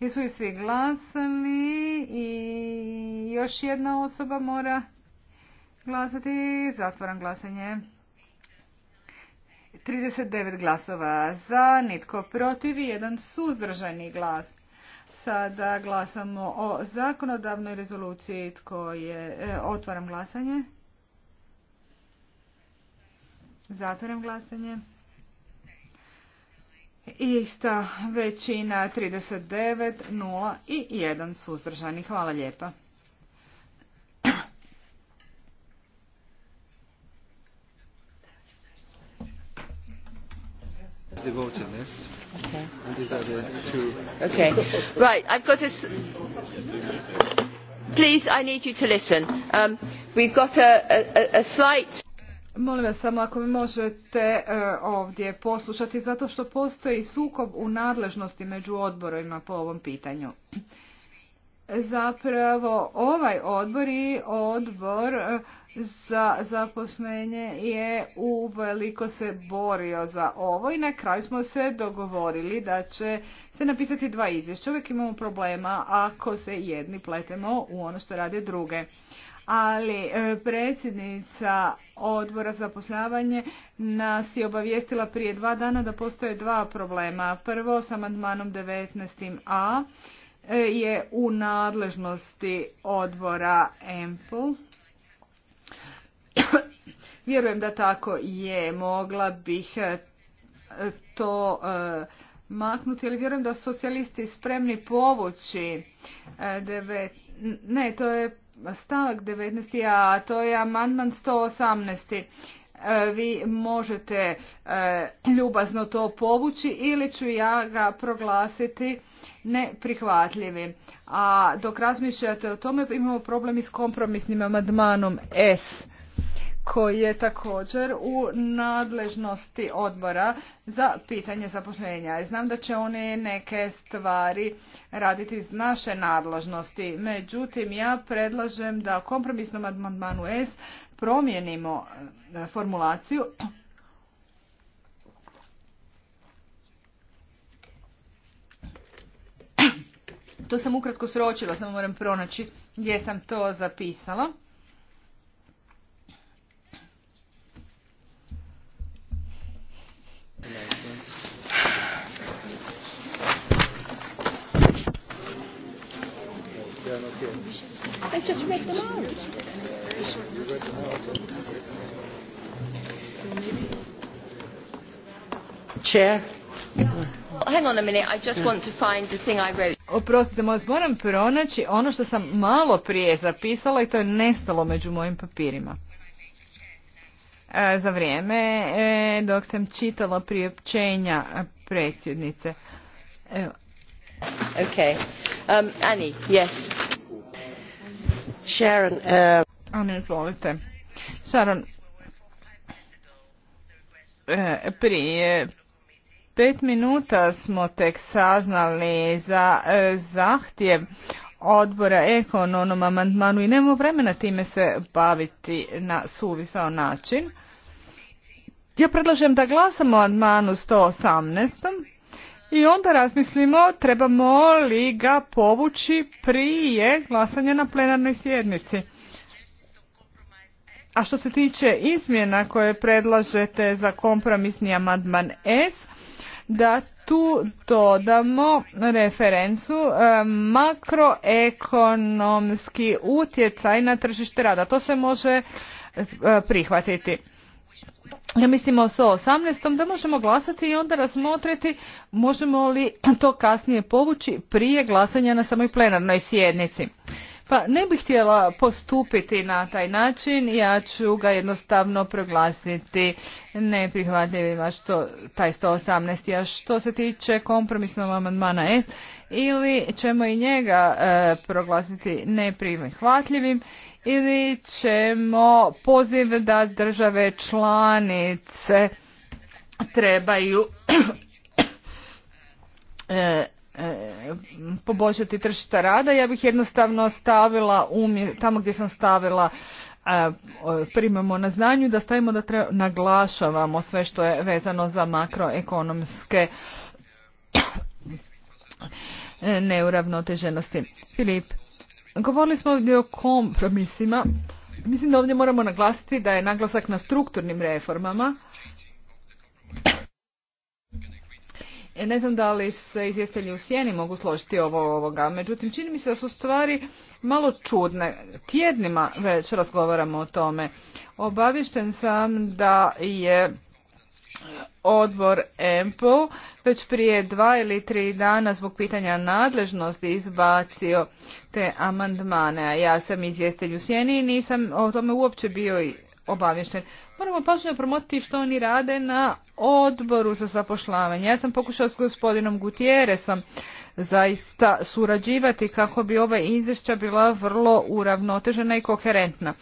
S4: Jesu i svi glasali i još jedna osoba mora glasati. Zatvoram glasanje. 39 glasova za, nitko protiv i jedan suzdržani glas. Sada glasamo o zakonodavnoj rezoluciji. Tko je? E, otvaram glasanje. Zatvaram glasanje. Ista većina 39, 0 i 1 suzdržani. Hvala lijepa.
S1: the vote on this. Okay. And these are the two. Okay. Right, I've got a... S Please, I need you to listen. Um, we've got a, a, a slight...
S4: Molim vas samo ako mi možete e, ovdje poslušati, zato što postoji sukob u nadležnosti među odborima po ovom pitanju. Zapravo, ovaj odbor i odbor e, za zaposlenje je uveliko se borio za ovo i na kraju smo se dogovorili da će se napisati dva izvješća. Uvijek imamo problema ako se jedni pletemo u ono što rade druge. Ali e, predsjednica odbora za nas je obavijestila prije dva dana da postoje dva problema. Prvo s amandmanom 19a e, je u nadležnosti odbora EMPL Vjerujem da tako je, mogla bih eh, to eh, maknuti, ali vjerujem da su socijalisti spremni povući. Eh, ne, to je stavak 19. a to je amandman 118. Vi možete ljubazno to povući ili ću ja ga proglasiti neprihvatljivim. A dok razmišljate o tome imamo problem i s kompromisnim amandmanom S koji je također u nadležnosti odbora za pitanje zapošljenja. Znam da će one neke stvari raditi iz naše nadležnosti, međutim ja predlažem da kompromisnom amandmanu S promijenimo e, formulaciju To sam ukratko sročila, samo moram pronaći gdje sam to zapisala.
S1: Oh,
S2: They just read them out.
S1: Chair.
S4: Oprostite, moj, moram pronaći ono što sam malo prije zapisala i to je nestalo među mojim papirima. E, za vrijeme e, dok sam čitala priopćenja predsjednice. Evo. Okay. Um, Annie, yes. Sharon, eh, Sharon, eh, prije pet minuta smo tek saznali za eh, zahtjev odbora Ekon onom amandmanu i nemamo vremena time se baviti na suvisao način. Ja predlažem da glasamo o amandmanu 118 i onda razmislimo trebamo li ga povući prije glasanja na plenarnoj sjednici. A što se tiče izmjena koje predlažete za kompromisni amandman S, da tu dodamo referencu e, makroekonomski utjecaj na tržište rada. To se može e, prihvatiti ja mislimo sto 18. da možemo glasati i onda razmotriti možemo li to kasnije povući prije glasanja na samoj plenarnoj sjednici. Pa ne bih htjela postupiti na taj način, ja ću ga jednostavno proglasiti neprihvatljivima što taj 118. A što se tiče kompromisnog amandmana E, ili ćemo i njega e, proglasiti neprihvatljivim ili ćemo poziv da države članice trebaju e, e, poboljšati tržišta rada. Ja bih jednostavno stavila umje, tamo gdje sam stavila e, primamo na znanju da stavimo da naglašavamo sve što je vezano za makroekonomske neuravnoteženosti. Filip, Govorili smo ovdje o kompromisima. Mislim da ovdje moramo naglasiti da je naglasak na strukturnim reformama. E, ne znam da li se izvjestelji u sjeni mogu složiti ovo ovoga, međutim čini mi se da su stvari malo čudne. Tjednima već razgovaramo o tome. Obavišten sam da je odbor EMPL već prije dva ili tri dana zbog pitanja nadležnosti izbacio te amandmane, a ja sam izvjestitelj u sjeni i nisam o tome uopće bio i obavješten. Moramo pažnju promotiti što oni rade na odboru za zapošljavanje. Ja sam pokušao s gospodinom Gutjeresom zaista surađivati kako bi ova izvješća bila vrlo uravnotežena i koherentna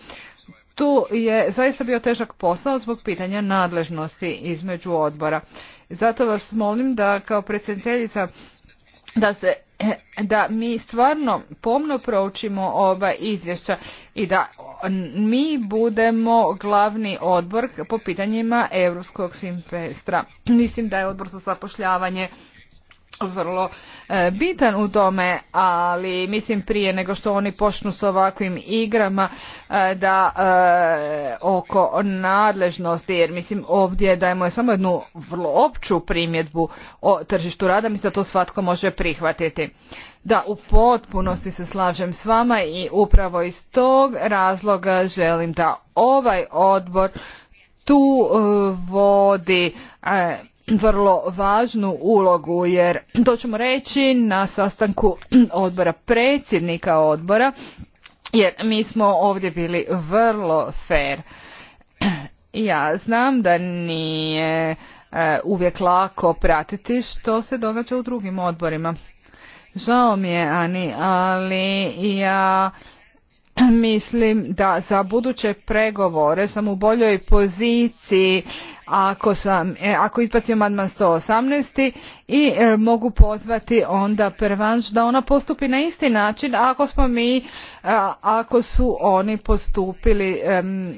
S4: tu je zaista bio težak posao zbog pitanja nadležnosti između odbora. Zato vas molim da kao predsjedateljica da se da mi stvarno pomno proučimo ova izvješća i da mi budemo glavni odbor po pitanjima Europskog simpestra. Mislim da je odbor za zapošljavanje vrlo e, bitan u tome, ali mislim prije nego što oni počnu s ovakvim igrama e, da e, oko nadležnosti, jer mislim ovdje dajemo je samo jednu vrlo opću primjedbu o tržištu rada, mislim da to svatko može prihvatiti. Da, u potpunosti se slažem s vama i upravo iz tog razloga želim da ovaj odbor tu vodi vrlo važnu ulogu jer to ćemo reći na sastanku odbora predsjednika odbora jer mi smo ovdje bili vrlo fer. Ja znam da nije e, uvijek lako pratiti što se događa u drugim odborima. Žao mi je, Ani, ali ja mislim da za buduće pregovore sam u boljoj poziciji ako, sam, e, ako izbacim amandman 118. i e, mogu pozvati onda Pervanš da ona postupi na isti način ako smo mi, e, ako su oni postupili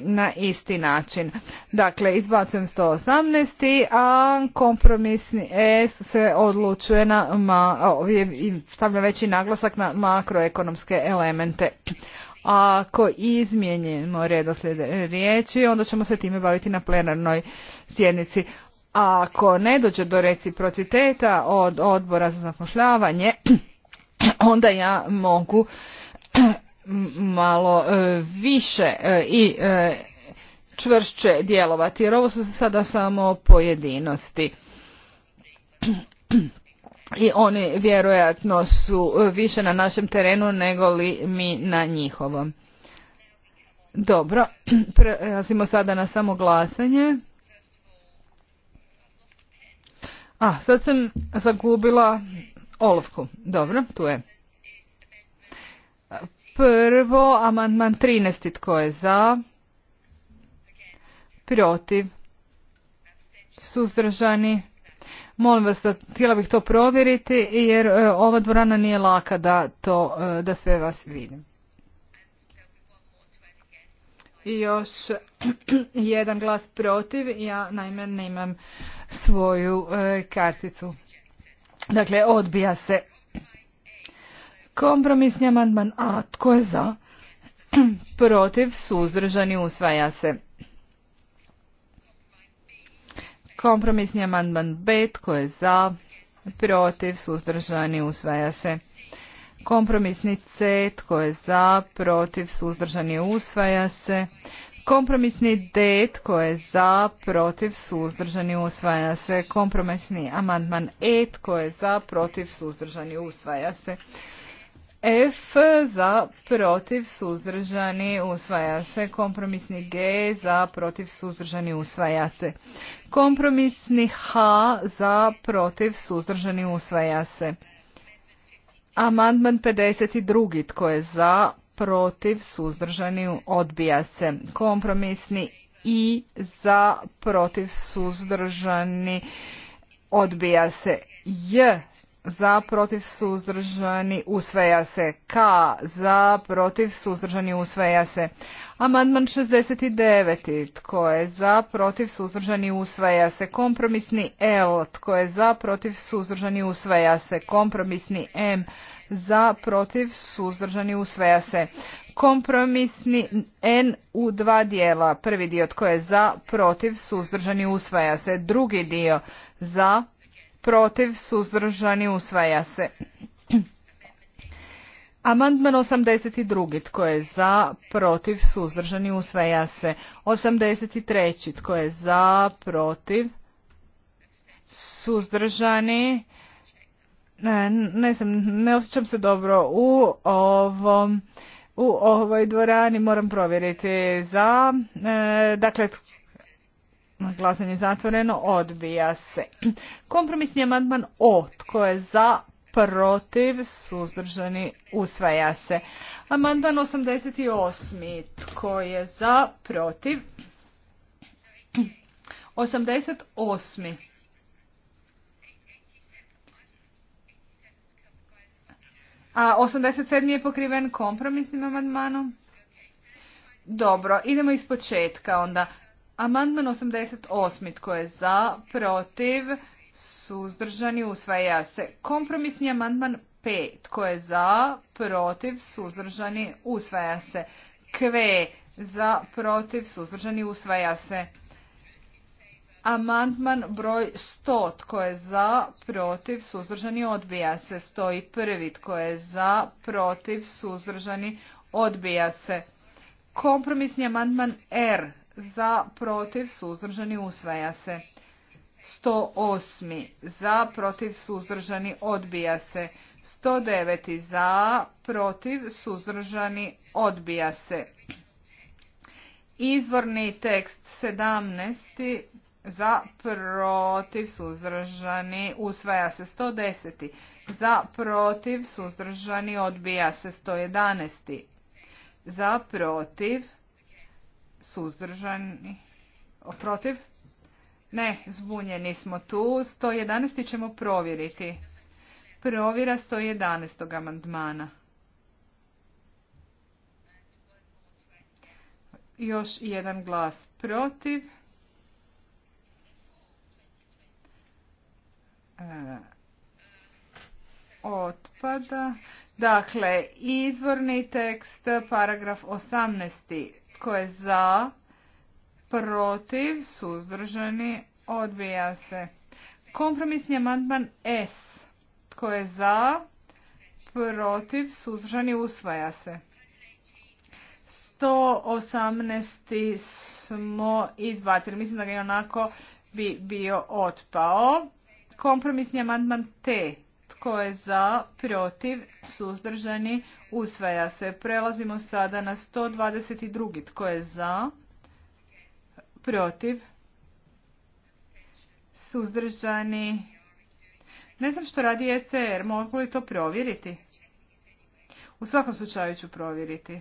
S4: na isti način. Dakle, izbacujem 118. a kompromisni S se odlučuje na, stavlja veći naglasak na makroekonomske elemente ako izmijenimo redoslijed riječi, onda ćemo se time baviti na plenarnoj sjednici. A ako ne dođe do reciprociteta od odbora za zapošljavanje, onda ja mogu malo e, više e, i e, čvršće djelovati, jer ovo su sada samo pojedinosti. i oni vjerojatno su više na našem terenu nego li mi na njihovom. Dobro, prelazimo sada na samo glasanje. A, sad sam zagubila olovku. Dobro, tu je. Prvo, amandman 13. Tko je za? Protiv? Suzdržani? Molim vas, da, htjela bih to provjeriti jer e, ova dvorana nije laka da, to, e, da sve vas vidim. I još jedan glas protiv, ja naime nemam svoju e, karticu. Dakle, odbija se kompromisni amandman A. Tko je za? protiv, suzdržani, usvaja se. Kompromisni amandman B tko je za, protiv, suzdržani, usvaja se. Kompromisni C tko je za, protiv, suzdržani, usvaja se. Kompromisni D tko je za, protiv, suzdržani, usvaja se. Kompromisni amandman E tko je za, protiv, suzdržani, usvaja se. F za protiv suzdržani usvaja se. Kompromisni G za protiv suzdržani usvaja se. Kompromisni H za protiv suzdržani usvaja se. Amandman 52. Tko je za protiv suzdržani odbija se. Kompromisni I za protiv suzdržani odbija se. J za protiv suzdržani usvaja se. K za protiv suzdržani usvaja se. Amandman 69. Tko je za protiv suzdržani usvaja se. Kompromisni L. Tko je za protiv suzdržani usvaja se. Kompromisni M. Za protiv suzdržani usvaja se. Kompromisni N u dva dijela. Prvi dio tko je za protiv suzdržani usvaja se. Drugi dio za protiv, suzdržani, usvaja se. Amandman 82. Tko je za, protiv, suzdržani, usvaja se. 83. Tko je za, protiv, suzdržani, ne, ne, ne osjećam se dobro u ovom u ovoj dvorani moram provjeriti za e, dakle Glasanje zatvoreno. Odbija se. Kompromisni amandman O. Tko je za? Protiv? Suzdržani? Usvaja se. Amandman 88. Tko je za? Protiv? 88. A 87. je pokriven kompromisnim amandmanom? Dobro, idemo iz početka onda. Amandman 88. Tko je za, protiv, suzdržani, usvaja se. Kompromisni amandman 5. Tko je za, protiv, suzdržani, usvaja se. Kve za, protiv, suzdržani, usvaja se. Amandman broj 100. Tko je za, protiv, suzdržani, odbija se. 101. Tko je za, protiv, suzdržani, odbija se. Kompromisni amandman R za, protiv, suzdržani, usvaja se. 108. Za, protiv, suzdržani, odbija se. 109. Za, protiv, suzdržani, odbija se. Izvorni tekst 17. Za, protiv, suzdržani, usvaja se. 110. Za, protiv, suzdržani, odbija se. 111. Za, protiv, suzdržani, protiv, ne, zbunjeni smo tu, 111. ćemo provjeriti. Provjera 111. amandmana. Još jedan glas protiv. E, otpada. Dakle, izvorni tekst, paragraf 18. Tko je za? Protiv? Suzdržani? Odbija se. Kompromisni amandman S. Tko je za? Protiv? Suzdržani? Usvaja se. 118. smo izbacili. Mislim da ga je onako bi bio otpao. Kompromisni amandman T. Tko je za, protiv, suzdržani, usvaja se. Prelazimo sada na 122. Tko je za, protiv, suzdržani. Ne znam što radi ECR, mogu li to provjeriti? U svakom slučaju ću provjeriti.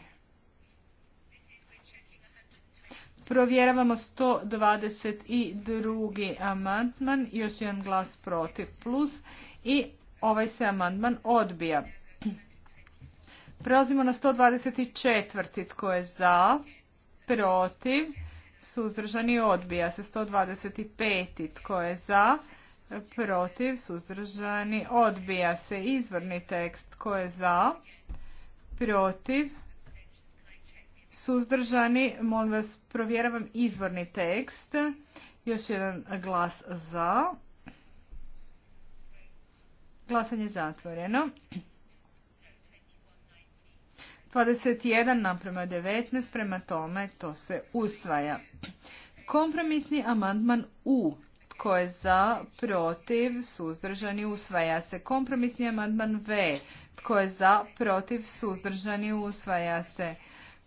S4: Provjeravamo 122. amandman, još jedan glas protiv plus i ovaj se amandman odbija. Prelazimo na 124. Tko je za? Protiv? Suzdržani odbija se. 125. Tko je za? Protiv? Suzdržani odbija se. Izvorni tekst. Tko je za? Protiv? Suzdržani, molim vas, provjeravam izvorni tekst. Još jedan glas za. Glasanje je zatvoreno. 21 naprema 19, prema tome to se usvaja. Kompromisni amandman U. Tko je za, protiv, suzdržani, usvaja se. Kompromisni amandman V. Tko je za, protiv, suzdržani, usvaja se.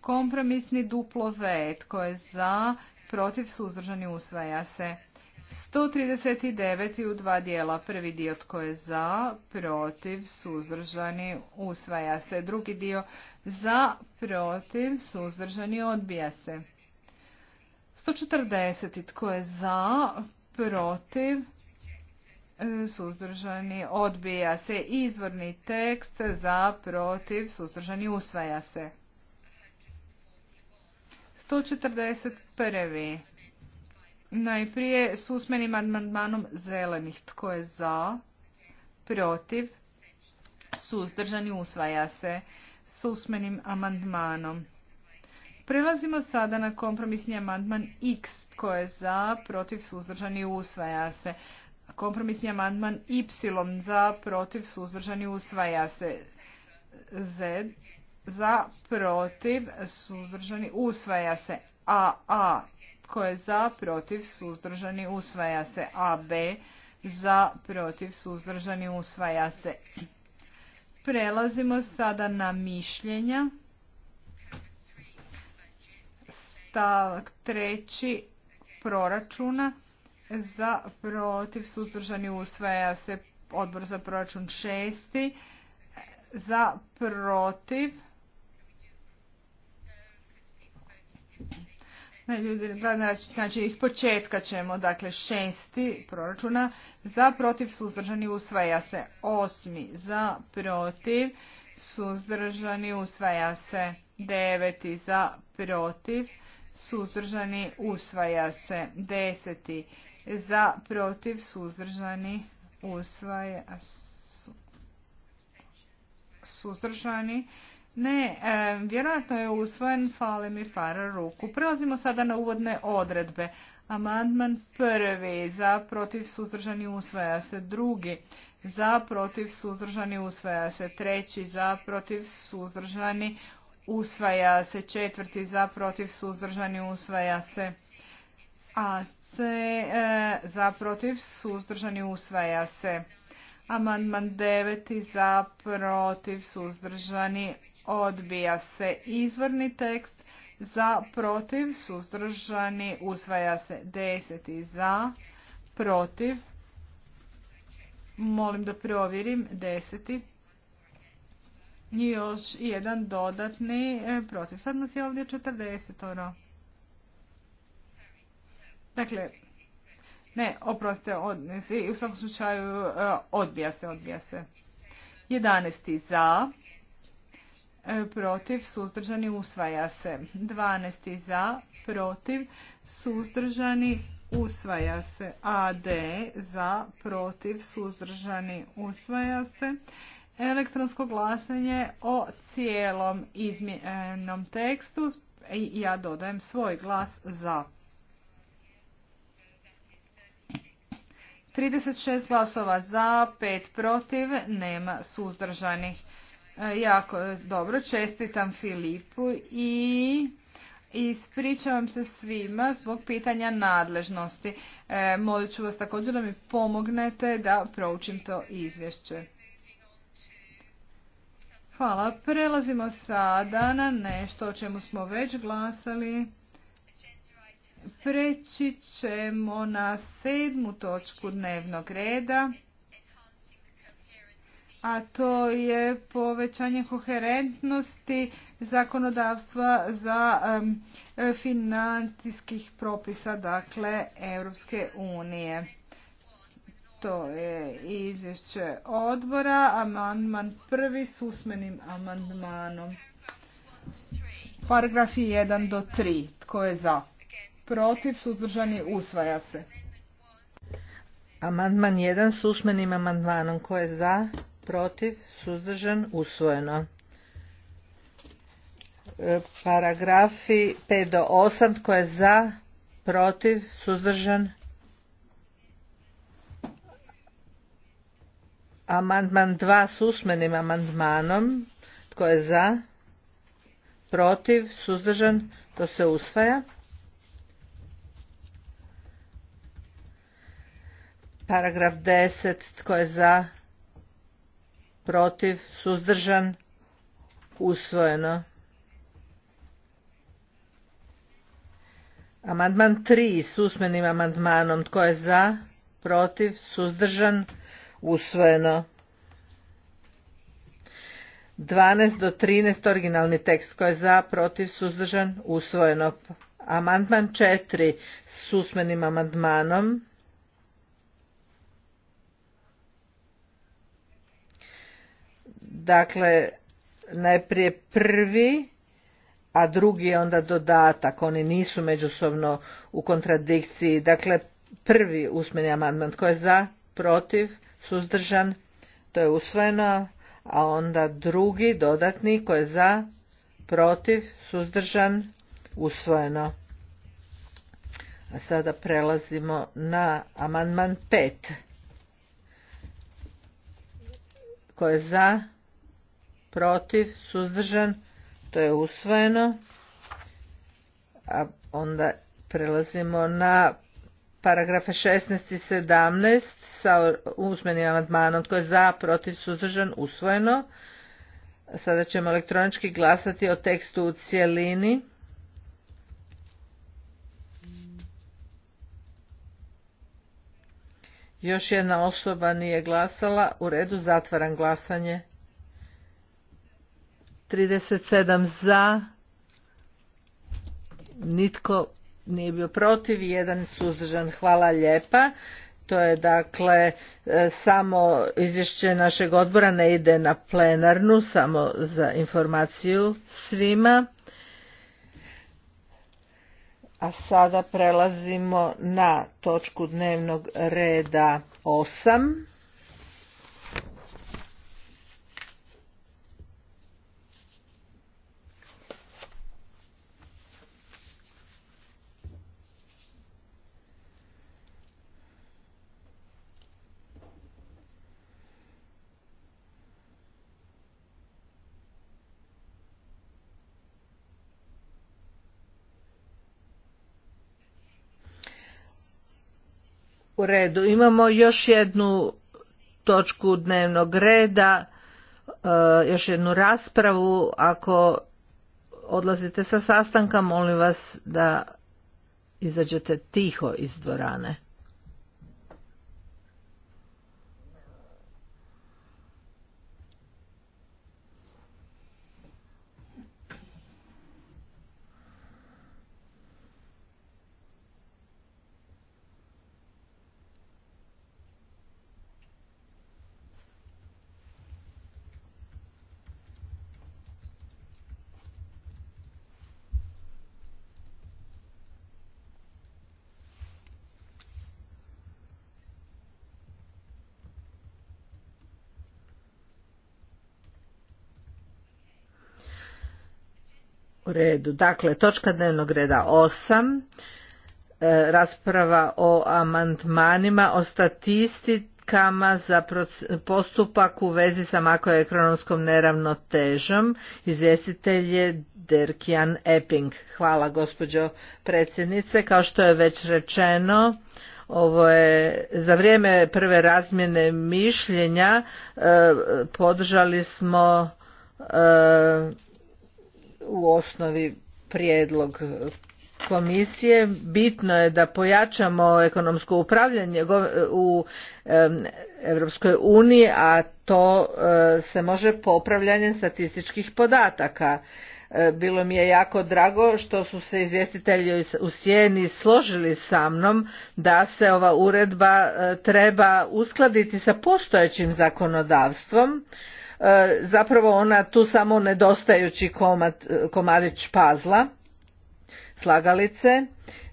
S4: Kompromisni duplo V. Tko je za, protiv, suzdržani, usvaja se. 139. u dva dijela. Prvi dio tko je za, protiv, suzdržani, usvaja se. Drugi dio za, protiv, suzdržani, odbija se. 140. tko je za, protiv, suzdržani, odbija se. Izvorni tekst za, protiv, suzdržani, usvaja se. 141. Najprije s usmenim amandmanom zelenih. Tko je za? Protiv? Suzdržani usvaja se s usmenim amandmanom. Prelazimo sada na kompromisni amandman X. Tko je za? Protiv? Suzdržani usvaja se. Kompromisni amandman Y. Za? Protiv? Suzdržani usvaja se. Z. Za? Protiv? Suzdržani usvaja se. A. A tko je za, protiv, suzdržani, usvaja se. A, B, za, protiv, suzdržani, usvaja se. Prelazimo sada na mišljenja. Stavak treći proračuna za protiv suzdržani usvaja se odbor za proračun šesti za protiv Znači, početka ćemo, dakle, šesti proračuna za protiv suzdržani usvaja se osmi, za protiv suzdržani usvaja se deveti, za protiv suzdržani usvaja se deseti, za protiv suzdržani usvaja se suzdržani ne, e, vjerojatno je usvojen, fale mi para ruku. Prelazimo sada na uvodne odredbe. Amandman prvi, za protiv suzdržani usvaja se drugi, za protiv suzdržani usvaja se treći, za protiv suzdržani usvaja se četvrti, za protiv suzdržani usvaja se a C, e, za protiv suzdržani usvaja se. Amandman deveti, za protiv suzdržani odbija se izvorni tekst za protiv suzdržani usvaja se 10 za protiv molim da provjerim 10 i još jedan dodatni e, protiv sad nas je ovdje 40 ono. dakle ne oprostite u svakom slučaju e, odbija se odbija se 11 za protiv, suzdržani, usvaja se. 12. za, protiv, suzdržani, usvaja se. AD za, protiv, suzdržani, usvaja se. Elektronsko glasanje o cijelom izmjenom tekstu i ja dodajem svoj glas za. 36 glasova za, 5 protiv, nema suzdržanih. E, jako dobro, čestitam Filipu i ispričavam se svima zbog pitanja nadležnosti. E, molit ću vas također da mi pomognete da proučim to izvješće. Hvala. Prelazimo sada na nešto o čemu smo već glasali. Preći ćemo na sedmu točku dnevnog reda a to je povećanje koherentnosti zakonodavstva za financijskih propisa, dakle, Europske unije. To je izvješće odbora, amandman prvi s usmenim amandmanom. Paragrafi 1 do 3. Tko je za? Protiv, suzdržani, usvaja se.
S2: Amandman 1 s usmenim amandmanom. Tko je za? protiv, suzdržan, usvojeno. E, paragrafi 5 do 8, tko je za, protiv, suzdržan, Amandman 2 s usmenim amandmanom. Tko je za? Protiv? Suzdržan? To se usvaja. Paragraf 10. Tko je za? protiv, suzdržan, usvojeno. Amandman 3 s usmenim amandmanom. Tko je za, protiv, suzdržan, usvojeno. 12 do 13 originalni tekst. Tko je za, protiv, suzdržan, usvojeno. Amandman 4 s usmenim amandmanom. Dakle, najprije prvi, a drugi je onda dodatak. Oni nisu međusobno u kontradikciji. Dakle, prvi usmeni amandman. Tko je za? Protiv? Suzdržan? To je usvojeno. A onda drugi, dodatni. Tko je za? Protiv? Suzdržan? Usvojeno. A sada prelazimo na amandman pet, Tko je za? protiv, suzdržan, to je usvojeno. A onda prelazimo na paragrafe 16 i 17 sa uzmenim amandmanom tko je za, protiv, suzdržan, usvojeno. Sada ćemo elektronički glasati o tekstu u cijelini. Još jedna osoba nije glasala. U redu zatvaram glasanje. 37 za, nitko nije bio protiv, jedan suzdržan. Hvala lijepa. To je dakle e, samo izvješće našeg odbora ne ide na plenarnu, samo za informaciju svima. A sada prelazimo na točku dnevnog reda 8. redu, imamo još jednu točku dnevnog reda, e, još jednu raspravu. Ako odlazite sa sastanka, molim vas da izađete tiho iz dvorane. U redu. Dakle, točka dnevnog reda 8. E, rasprava o amandmanima, o statistikama za postupak u vezi sa makroekonomskom neravnotežom. Izvjestitelj je derkian Epping. Hvala gospođo predsjednice. Kao što je već rečeno, ovo je za vrijeme prve razmjene mišljenja e, podržali smo e, u osnovi prijedlog komisije bitno je da pojačamo ekonomsko upravljanje u Europskoj uniji a to e, se može popravljanjem statističkih podataka e, bilo mi je jako drago što su se izvjestitelji u sjeni složili sa mnom da se ova uredba e, treba uskladiti sa postojećim zakonodavstvom E, zapravo ona tu samo nedostajući komad, komadić pazla slagalice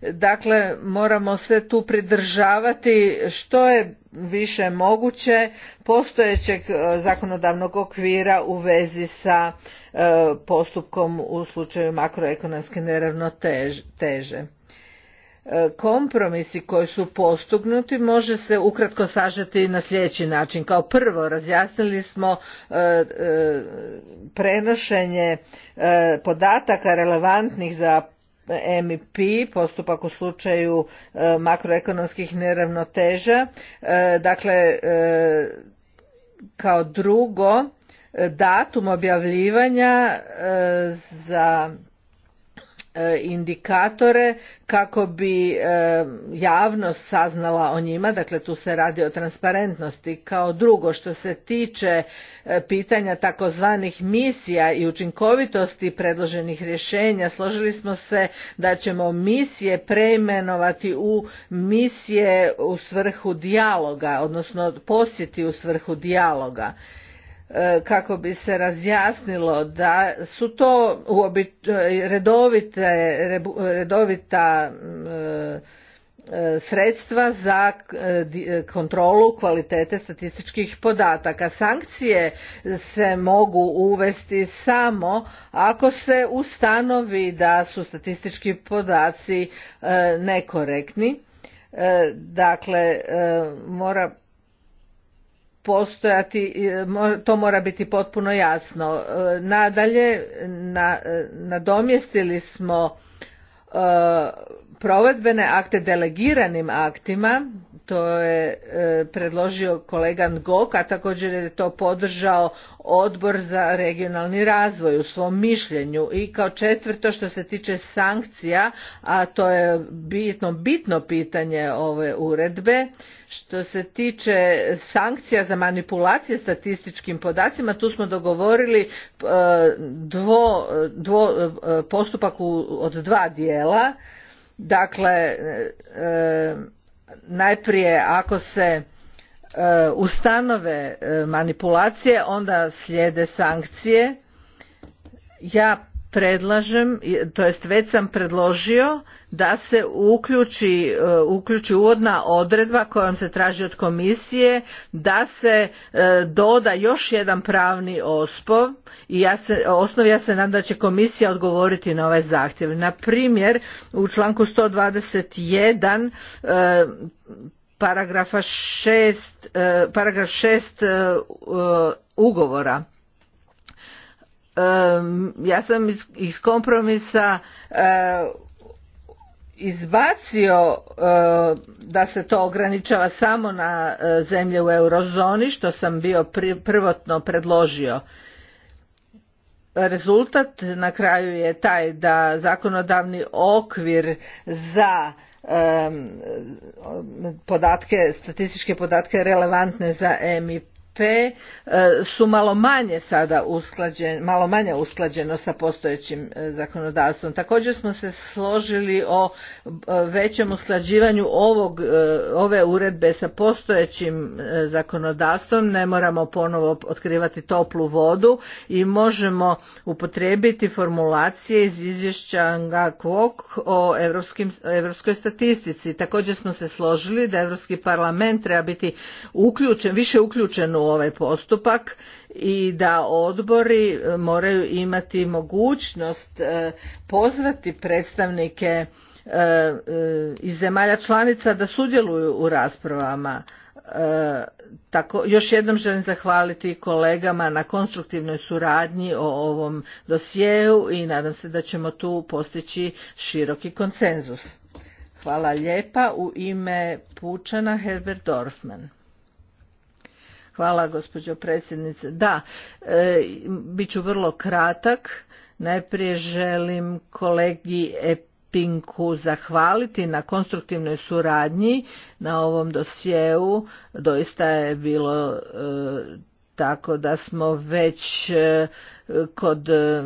S2: dakle moramo se tu pridržavati što je više moguće postojećeg e, zakonodavnog okvira u vezi sa e, postupkom u slučaju makroekonomske neravnoteže E, kompromisi koji su postignuti može se ukratko sažeti na sljedeći način kao prvo razjasnili smo e, e, prenošenje podataka relevantnih za MIP, postupak u slučaju makroekonomskih neravnoteža dakle kao drugo datum objavljivanja za E, indikatore kako bi e, javnost saznala o njima, dakle tu se radi o transparentnosti. Kao drugo što se tiče e, pitanja takozvanih misija i učinkovitosti predloženih rješenja, složili smo se da ćemo misije preimenovati u misije u svrhu dijaloga, odnosno posjeti u svrhu dijaloga E, kako bi se razjasnilo da su to e, redovite, redovita mm, e, sredstva za kontrolu kvalitete statističkih podataka. Sankcije se mogu uvesti samo ako se ustanovi da su statistički podaci nekorektni. Dakle, mora postojati, e, to mora biti potpuno jasno. E, nadalje, e, nadomjestili smo provedbene akte delegiranim aktima, to je predložio kolega Ngok, a također je to podržao odbor za regionalni razvoj u svom mišljenju. I kao četvrto što se tiče sankcija, a to je bitno, bitno pitanje ove uredbe, što se tiče sankcija za manipulacije statističkim podacima, tu smo dogovorili e, dvo, e, postupak od dva dijela. Dakle, e, najprije ako se ustanove manipulacije, onda slijede sankcije. Ja predlažem, to jest već sam predložio da se uključi, e, uključi uvodna odredba kojom se traži od komisije da se e, doda još jedan pravni ospov i ja se, osnov ja se nadam da će komisija odgovoriti na ovaj zahtjev. Na primjer u članku 121 e, paragrafa 6, paragraf 6 ugovora ja sam iz kompromisa e, izbacio e, da se to ograničava samo na e, zemlje u eurozoni što sam bio prvotno predložio rezultat na kraju je taj da zakonodavni okvir za podatke statističke podatke relevantne za EMI te su malo manje sada usklađen, malo manje usklađeno sa postojećim e, zakonodavstvom. Također smo se složili o e, većem usklađivanju ovog, e, ove uredbe sa postojećim zakonodavstvom. Ne moramo ponovo otkrivati toplu vodu i možemo upotrijebiti formulacije iz izvješća Kvok o Europskoj evropskoj statistici. Također smo se složili da Europski parlament treba biti uključen, više uključen u ovaj postupak i da odbori e, moraju imati mogućnost e, pozvati predstavnike e, iz zemalja članica da sudjeluju u raspravama. Tako, još jednom želim zahvaliti kolegama na konstruktivnoj suradnji o ovom dosjeu i nadam se da ćemo tu postići široki konsenzus. Hvala lijepa. U ime Pučana Herbert Dorfman. Hvala gospođo predsjednice. Da, e, bit ću vrlo kratak. Najprije želim kolegi Epinku zahvaliti na konstruktivnoj suradnji na ovom dosjeu. Doista je bilo e, tako da smo već e, kod e,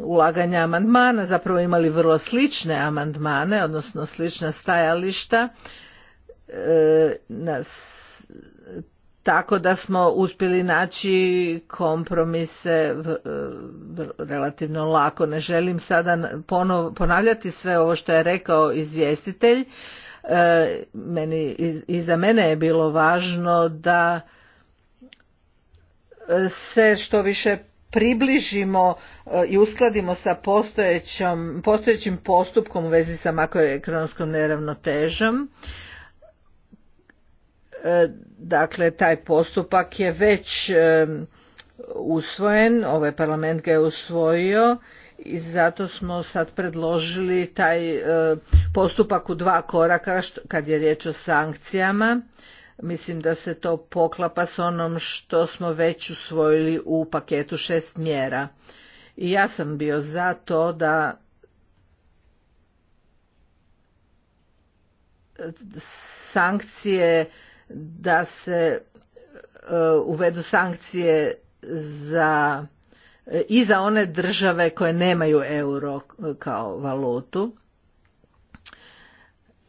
S2: ulaganja amandmana zapravo imali vrlo slične amandmane, odnosno slična stajališta. na tako da smo uspjeli naći kompromise relativno lako. Ne želim sada ponavljati sve ovo što je rekao izvjestitelj. E, meni, I za mene je bilo važno da se što više približimo e, i uskladimo sa postojećim postupkom u vezi sa makroekonomskom neravnotežom. E, dakle, taj postupak je već e, usvojen, ovaj parlament ga je usvojio i zato smo sad predložili taj e, postupak u dva koraka kad je riječ o sankcijama. Mislim da se to poklapa s onom što smo već usvojili u paketu šest mjera. I ja sam bio za to da sankcije da se e, uvedu sankcije za e, i za one države koje nemaju euro kao valutu.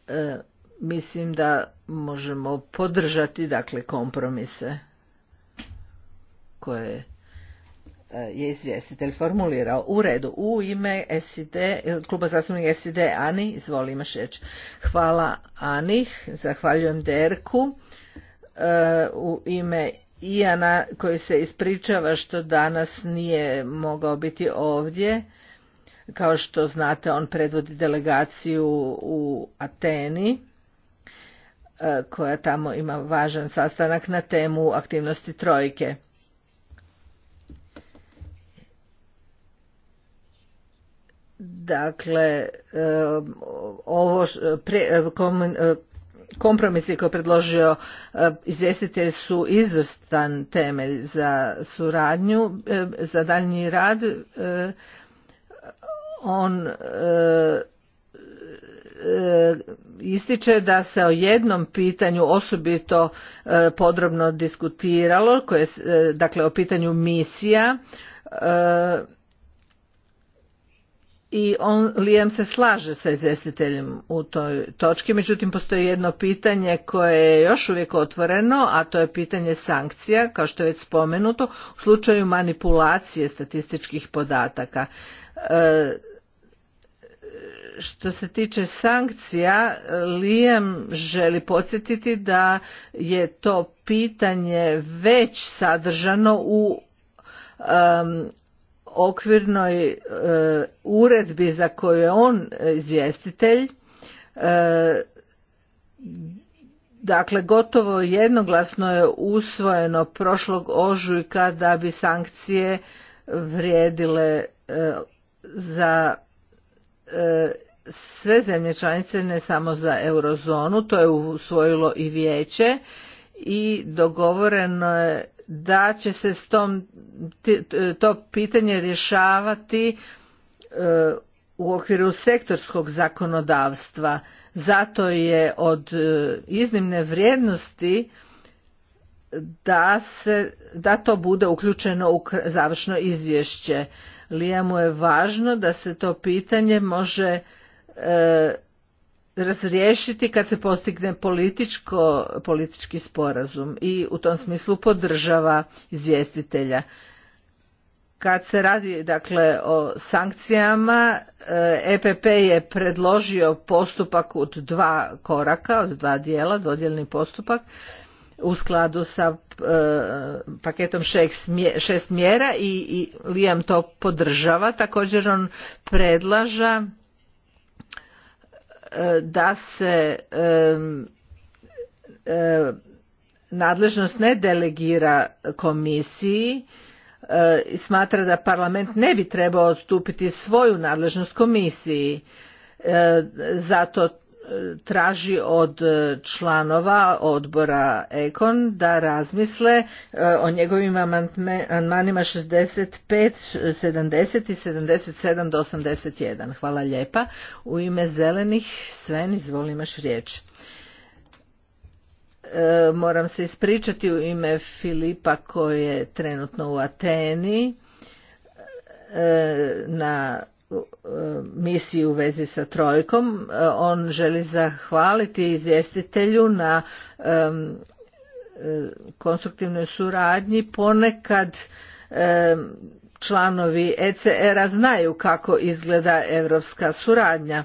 S2: E, mislim da možemo podržati dakle kompromise koje E, je izvjestitelj formulirao. U redu, u ime SID, e, kluba zastupnika SID, Ani, izvoli imaš Hvala Ani, zahvaljujem Derku. E, u ime Iana koji se ispričava što danas nije mogao biti ovdje. Kao što znate, on predvodi delegaciju u Ateni koja tamo ima važan sastanak na temu aktivnosti trojke. Dakle, um, ovo uh, kompromisi koje je predložio uh, izvjestitelj su izvrstan temelj za suradnju, uh, za daljnji rad. On ističe da se o jednom pitanju osobito podrobno diskutiralo, koje, dakle o pitanju misija, i on, Liam se slaže sa izvjestiteljem u toj točki, međutim postoji jedno pitanje koje je još uvijek otvoreno, a to je pitanje sankcija, kao što je već spomenuto, u slučaju manipulacije statističkih podataka. E, što se tiče sankcija, Lijem želi podsjetiti da je to pitanje već sadržano u okvirnoj e, uredbi za koju je on izvjestitelj e, dakle gotovo jednoglasno je usvojeno prošlog ožujka da bi sankcije vrijedile e, za sve zemlje članice ne samo za eurozonu to je usvojilo i vijeće i dogovoreno je da će se s tom, to pitanje rješavati e, u okviru sektorskog zakonodavstva. Zato je od e, iznimne vrijednosti da, se, da to bude uključeno u završno izvješće. Lijemu je važno da se to pitanje može e, razriješiti kad se postigne politički sporazum i u tom smislu podržava izvjestitelja. Kad se radi dakle o sankcijama, EPP e je predložio postupak od dva koraka, od dva dijela, dvodjelni postupak u skladu sa e, paketom šest mjera i Liam to podržava. Također on predlaža E, da se e, nadležnost ne delegira komisiji e, i smatra da parlament ne bi trebao odstupiti svoju nadležnost komisiji zato traži od e, članova odbora Ekon da razmisle e, o njegovim amandmanima 65, 70 i 77 do 81. Hvala lijepa. U ime zelenih sve izvoli imaš riječ. E, moram se ispričati u ime Filipa koji je trenutno u Ateni na misiji u vezi sa trojkom. Eh, on želi zahvaliti izvjestitelju na eh, konstruktivnoj suradnji. Ponekad članovi ECR-a znaju kako izgleda europska suradnja.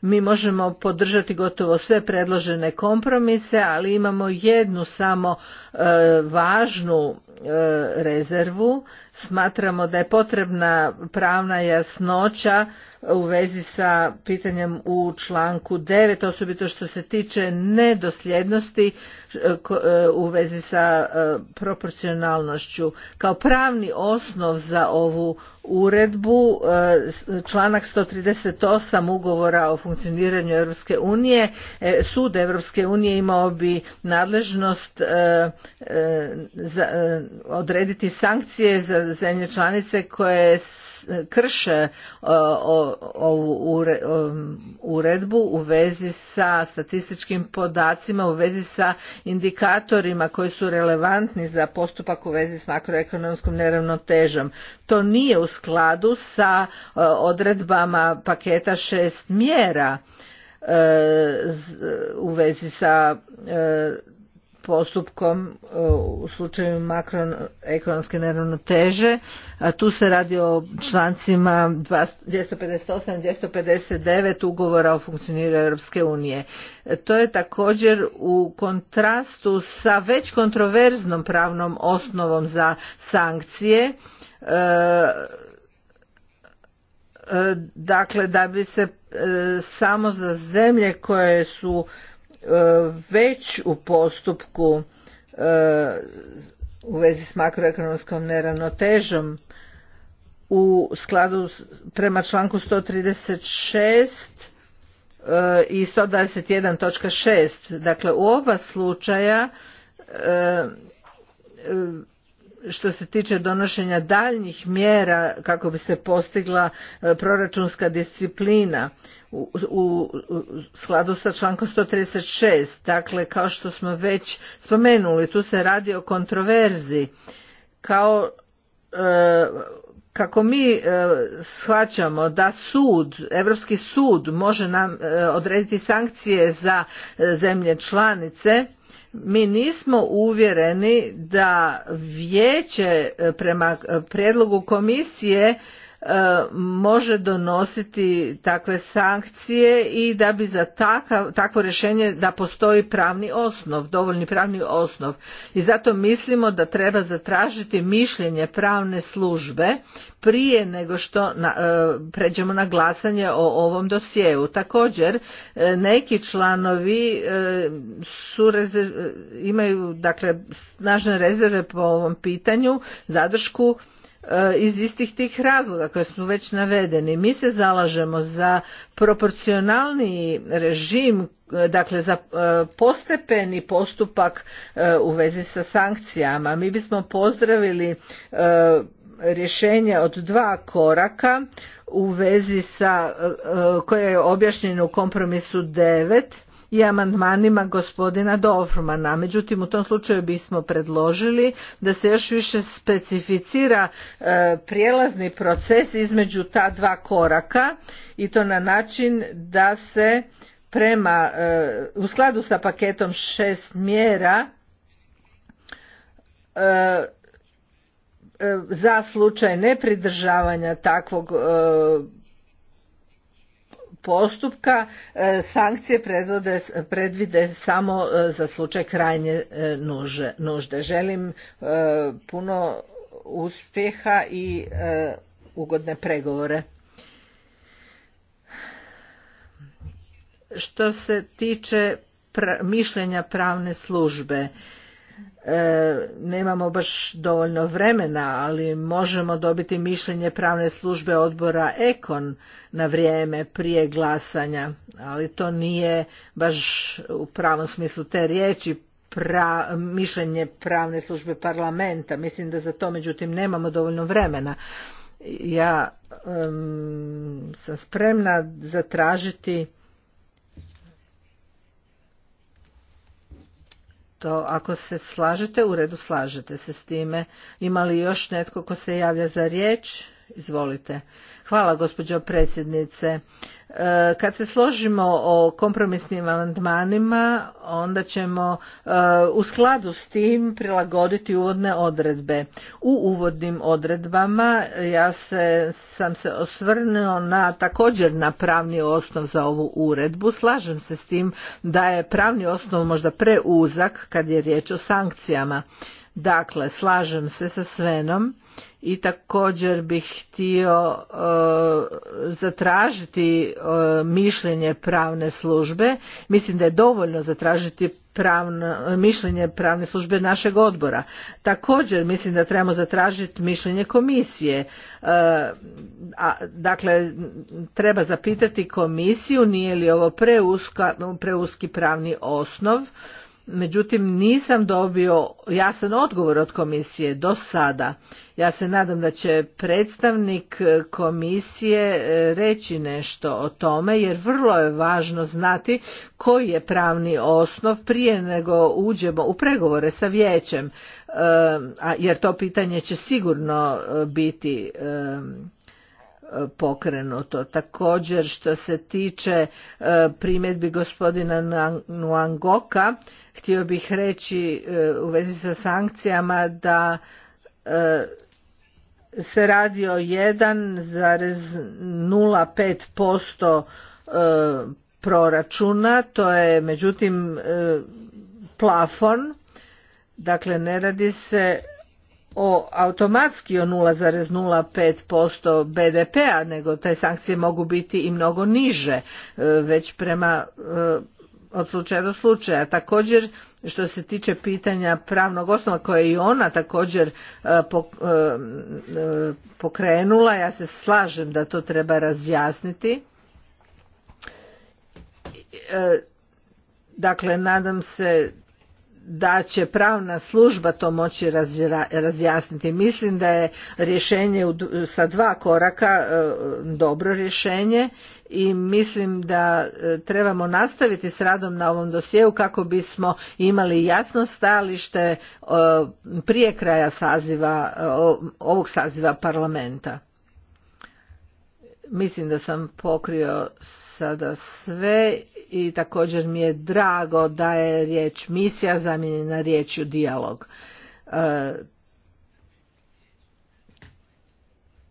S2: Mi možemo podržati gotovo sve predložene kompromise, ali imamo jednu samo eh, važnu E, rezervu. Smatramo da je potrebna pravna jasnoća u vezi sa pitanjem u članku 9, osobito što se tiče nedosljednosti e, e, u vezi sa proporcionalnošću. Kao pravni osnov za ovu uredbu članak 138 ugovora o funkcioniranju Europske unije, sud Europske unije imao bi nadležnost za odrediti sankcije za zemlje članice koje krše e, ovu uredbu u vezi sa statističkim podacima, u vezi sa indikatorima koji su relevantni za postupak u vezi s makroekonomskom neravnotežom. To nije u skladu sa e, odredbama paketa šest mjera e, u vezi sa postupkom e, u slučaju makroekonomske neravnoteže. Tu se radi o člancima 258 259 ugovora o funkcioniranju Europske unije. E, to je također u kontrastu sa već kontroverznom pravnom osnovom za sankcije e, dakle da bi se samo za zemlje koje su već u postupku e, u vezi s makroekonomskom neravnotežom u skladu prema članku 136 e, i 121.6. Dakle, u oba slučaja e, što se tiče donošenja daljnjih mjera kako bi se postigla e, proračunska disciplina u, skladu sa člankom 136. Dakle, kao što smo već spomenuli, tu se radi o kontroverzi. Kao e, kako mi e, shvaćamo da sud, Europski sud može nam odrediti sankcije za zemlje članice, mi nismo uvjereni da vijeće e, prema e, prijedlogu komisije E, može donositi takve sankcije i da bi za takvo rješenje da postoji pravni osnov, dovoljni pravni osnov. I zato mislimo da treba zatražiti mišljenje pravne službe prije nego što e, pređemo na glasanje o ovom dosjeu. Također e, neki članovi su imaju dakle snažne rezerve po ovom pitanju, zadršku E, iz istih tih razloga koje smo već navedeni. Mi se zalažemo za proporcionalni režim, e, dakle za e, postepeni postupak u vezi sa sankcijama. Mi bismo pozdravili rješenje od dva koraka u vezi sa koje je objašnjeno u kompromisu 9 i amandmanima gospodina Dolfmana. Međutim, u tom slučaju bismo predložili da se još više specificira e, prijelazni proces između ta dva koraka i to na način da se prema e, u skladu sa paketom šest mjera e, za slučaj nepridržavanja takvog postupka e, sankcije predvide samo e, za slučaj krajnje e, nužde. Želim puno uspjeha i ugodne pregovore. Što se tiče mišljenja pravne službe, E, nemamo baš dovoljno vremena, ali možemo dobiti mišljenje pravne službe odbora Ekon na vrijeme prije glasanja, ali to nije baš u pravom smislu te riječi mišljenje pravne službe parlamenta. Mislim da za to međutim nemamo dovoljno vremena. Ja sam spremna zatražiti to ako se slažete, u redu slažete se s time. Ima li još netko ko se javlja za riječ? Izvolite. Hvala gospođo predsjednice. E, kad se složimo o kompromisnim amandmanima, onda ćemo e, u skladu s tim prilagoditi uvodne odredbe. U uvodnim odredbama ja se, sam se osvrnuo na također na pravni osnov za ovu uredbu. Slažem se s tim da je pravni osnov možda preuzak kad je riječ o sankcijama. Dakle, slažem se sa Svenom i također bih htio e, zatražiti e, mišljenje pravne službe mislim da je dovoljno zatražiti pravno, mišljenje pravne službe našeg odbora također mislim da trebamo zatražiti mišljenje komisije e, a, dakle treba zapitati komisiju nije li ovo preuski pravni osnov međutim nisam dobio jasan odgovor od komisije do sada. Ja se nadam da će predstavnik komisije e, reći nešto o tome jer vrlo je važno znati koji je pravni osnov prije nego uđemo u pregovore sa vijećem e, jer to pitanje će sigurno e, biti pokrenuto. Također što se tiče primjedbi gospodina Nuangoka, htio bih reći e, u vezi sa sankcijama da e, se radi o 1,05% e, proračuna, to je međutim plafon, dakle ne radi se o automatski o 0,05% BDP-a, nego te sankcije mogu biti i mnogo niže, već prema od slučaja do slučaja. Također što se tiče pitanja pravnog osnova koje je i ona također e, e, e, pokrenula, ja se slažem da to treba razjasniti. Dakle, nadam se da će pravna služba to moći razjasniti. Mislim da je rješenje sa dva koraka e, dobro rješenje i mislim da e, trebamo nastaviti s radom na ovom dosjeu kako bismo imali jasno stajalište e, prije kraja saziva, ovog saziva parlamenta. Mislim da sam pokrio sada sve i također mi je drago da je riječ misija zamijenjena riječju dijalog. E,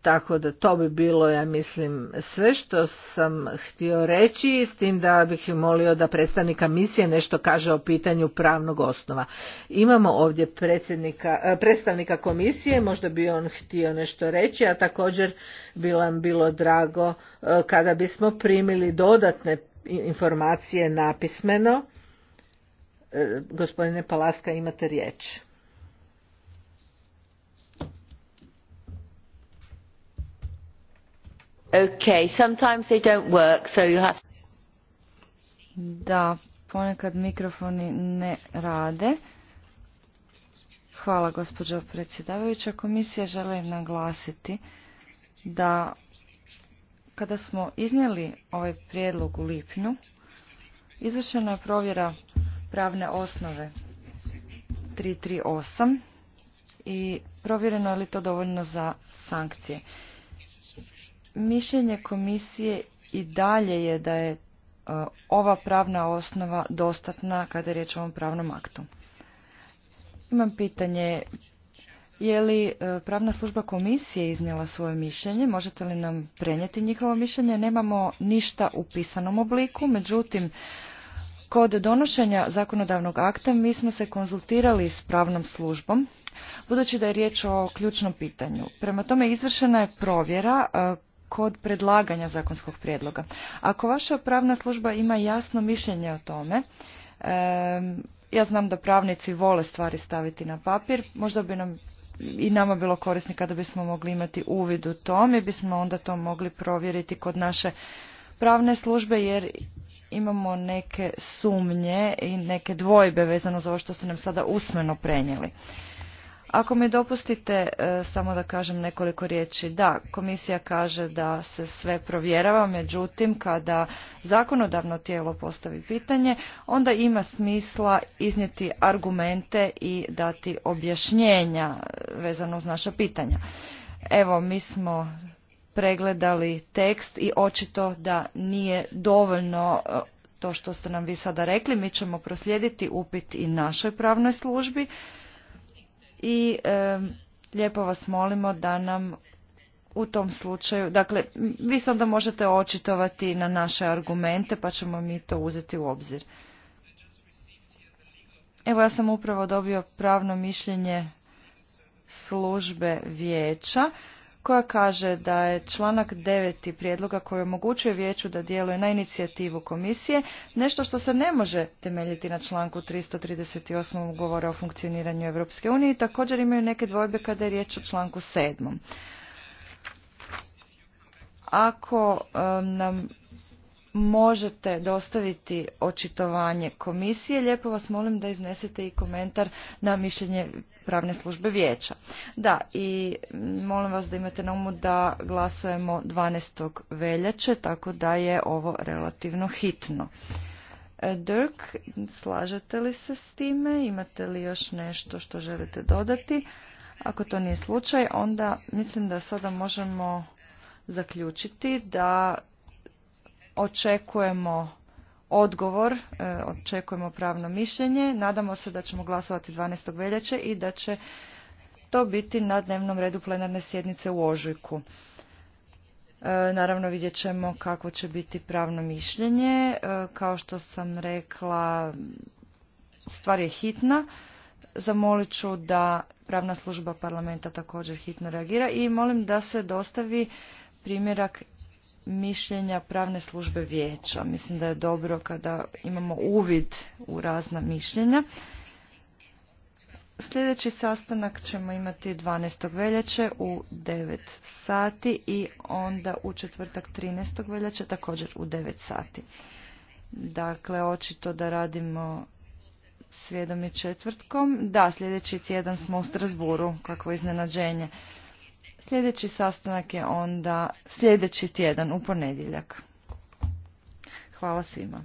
S2: tako da to bi bilo, ja mislim, sve što sam htio reći, s tim da bih molio da predstavnika misije nešto kaže o pitanju pravnog osnova. Imamo ovdje e, predstavnika komisije, možda bi on htio nešto reći, a također bi nam bilo drago e, kada bismo primili dodatne informacije napismeno. E, gospodine Palaska, imate riječ. Okay, sometimes they don't work, so you have...
S3: Da, ponekad mikrofoni ne rade. Hvala gospođo predsjedavajuća. Komisija želi naglasiti da kada smo iznijeli ovaj prijedlog u lipnju, izvršena je provjera pravne osnove 338 i provjereno je li to dovoljno za sankcije. Mišljenje komisije i dalje je da je e, ova pravna osnova dostatna kada je riječ o ovom pravnom aktu. Imam pitanje, je li e, pravna služba komisije iznijela svoje mišljenje? Možete li nam prenijeti njihovo mišljenje? Nemamo ništa u pisanom obliku, međutim, kod donošenja zakonodavnog akta mi smo se konzultirali s pravnom službom, budući da je riječ o ključnom pitanju. Prema tome, izvršena je provjera e, kod predlaganja zakonskog prijedloga. Ako vaša pravna služba ima jasno mišljenje o tome, e, ja znam da pravnici vole stvari staviti na papir, možda bi nam i nama bilo korisno kada bismo mogli imati uvid u to. Mi bismo onda to mogli provjeriti kod naše pravne službe jer imamo neke sumnje i neke dvojbe vezano za ovo što ste nam sada usmeno prenijeli. Ako mi dopustite e, samo da kažem nekoliko riječi. Da, komisija kaže da se sve provjerava, međutim kada zakonodavno tijelo postavi pitanje, onda ima smisla iznijeti argumente i dati objašnjenja e, vezano uz naša pitanja. Evo, mi smo pregledali tekst i očito da nije dovoljno e, to što ste nam vi sada rekli, mi ćemo proslijediti upit i našoj pravnoj službi i e, lijepo vas molimo da nam u tom slučaju, dakle, vi se onda možete očitovati na naše argumente, pa ćemo mi to uzeti u obzir. Evo, ja sam upravo dobio pravno mišljenje službe vijeća koja kaže da je članak 9. prijedloga koji omogućuje vijeću da djeluje na inicijativu komisije nešto što se ne može temeljiti na članku 338. ugovora o funkcioniranju Europske i također imaju neke dvojbe kada je riječ o članku 7. Ako nam možete dostaviti očitovanje komisije. Lijepo vas molim da iznesete i komentar na mišljenje pravne službe vijeća. Da, i molim vas da imate na umu da glasujemo 12. veljače, tako da je ovo relativno hitno. E, Dirk, slažete li se s time? Imate li još nešto što želite dodati? Ako to nije slučaj, onda mislim da sada možemo zaključiti da očekujemo odgovor, e, očekujemo pravno mišljenje. Nadamo se da ćemo glasovati 12. veljače i da će to biti na dnevnom redu plenarne sjednice u Ožujku. E, naravno vidjet ćemo kako će biti pravno mišljenje. E, kao što sam rekla, stvar je hitna. Zamolit ću da pravna služba parlamenta također hitno reagira i molim da se dostavi primjerak mišljenja pravne službe vijeća. Mislim da je dobro kada imamo uvid u razna mišljenja. Sljedeći sastanak ćemo imati 12. veljače u 9 sati i onda u četvrtak 13. veljače također u 9 sati. Dakle, očito da radimo svijedom i četvrtkom. Da, sljedeći tjedan smo u Strasburu, kakvo iznenađenje. Sljedeći sastanak je onda sljedeći tjedan u ponedjeljak. Hvala svima.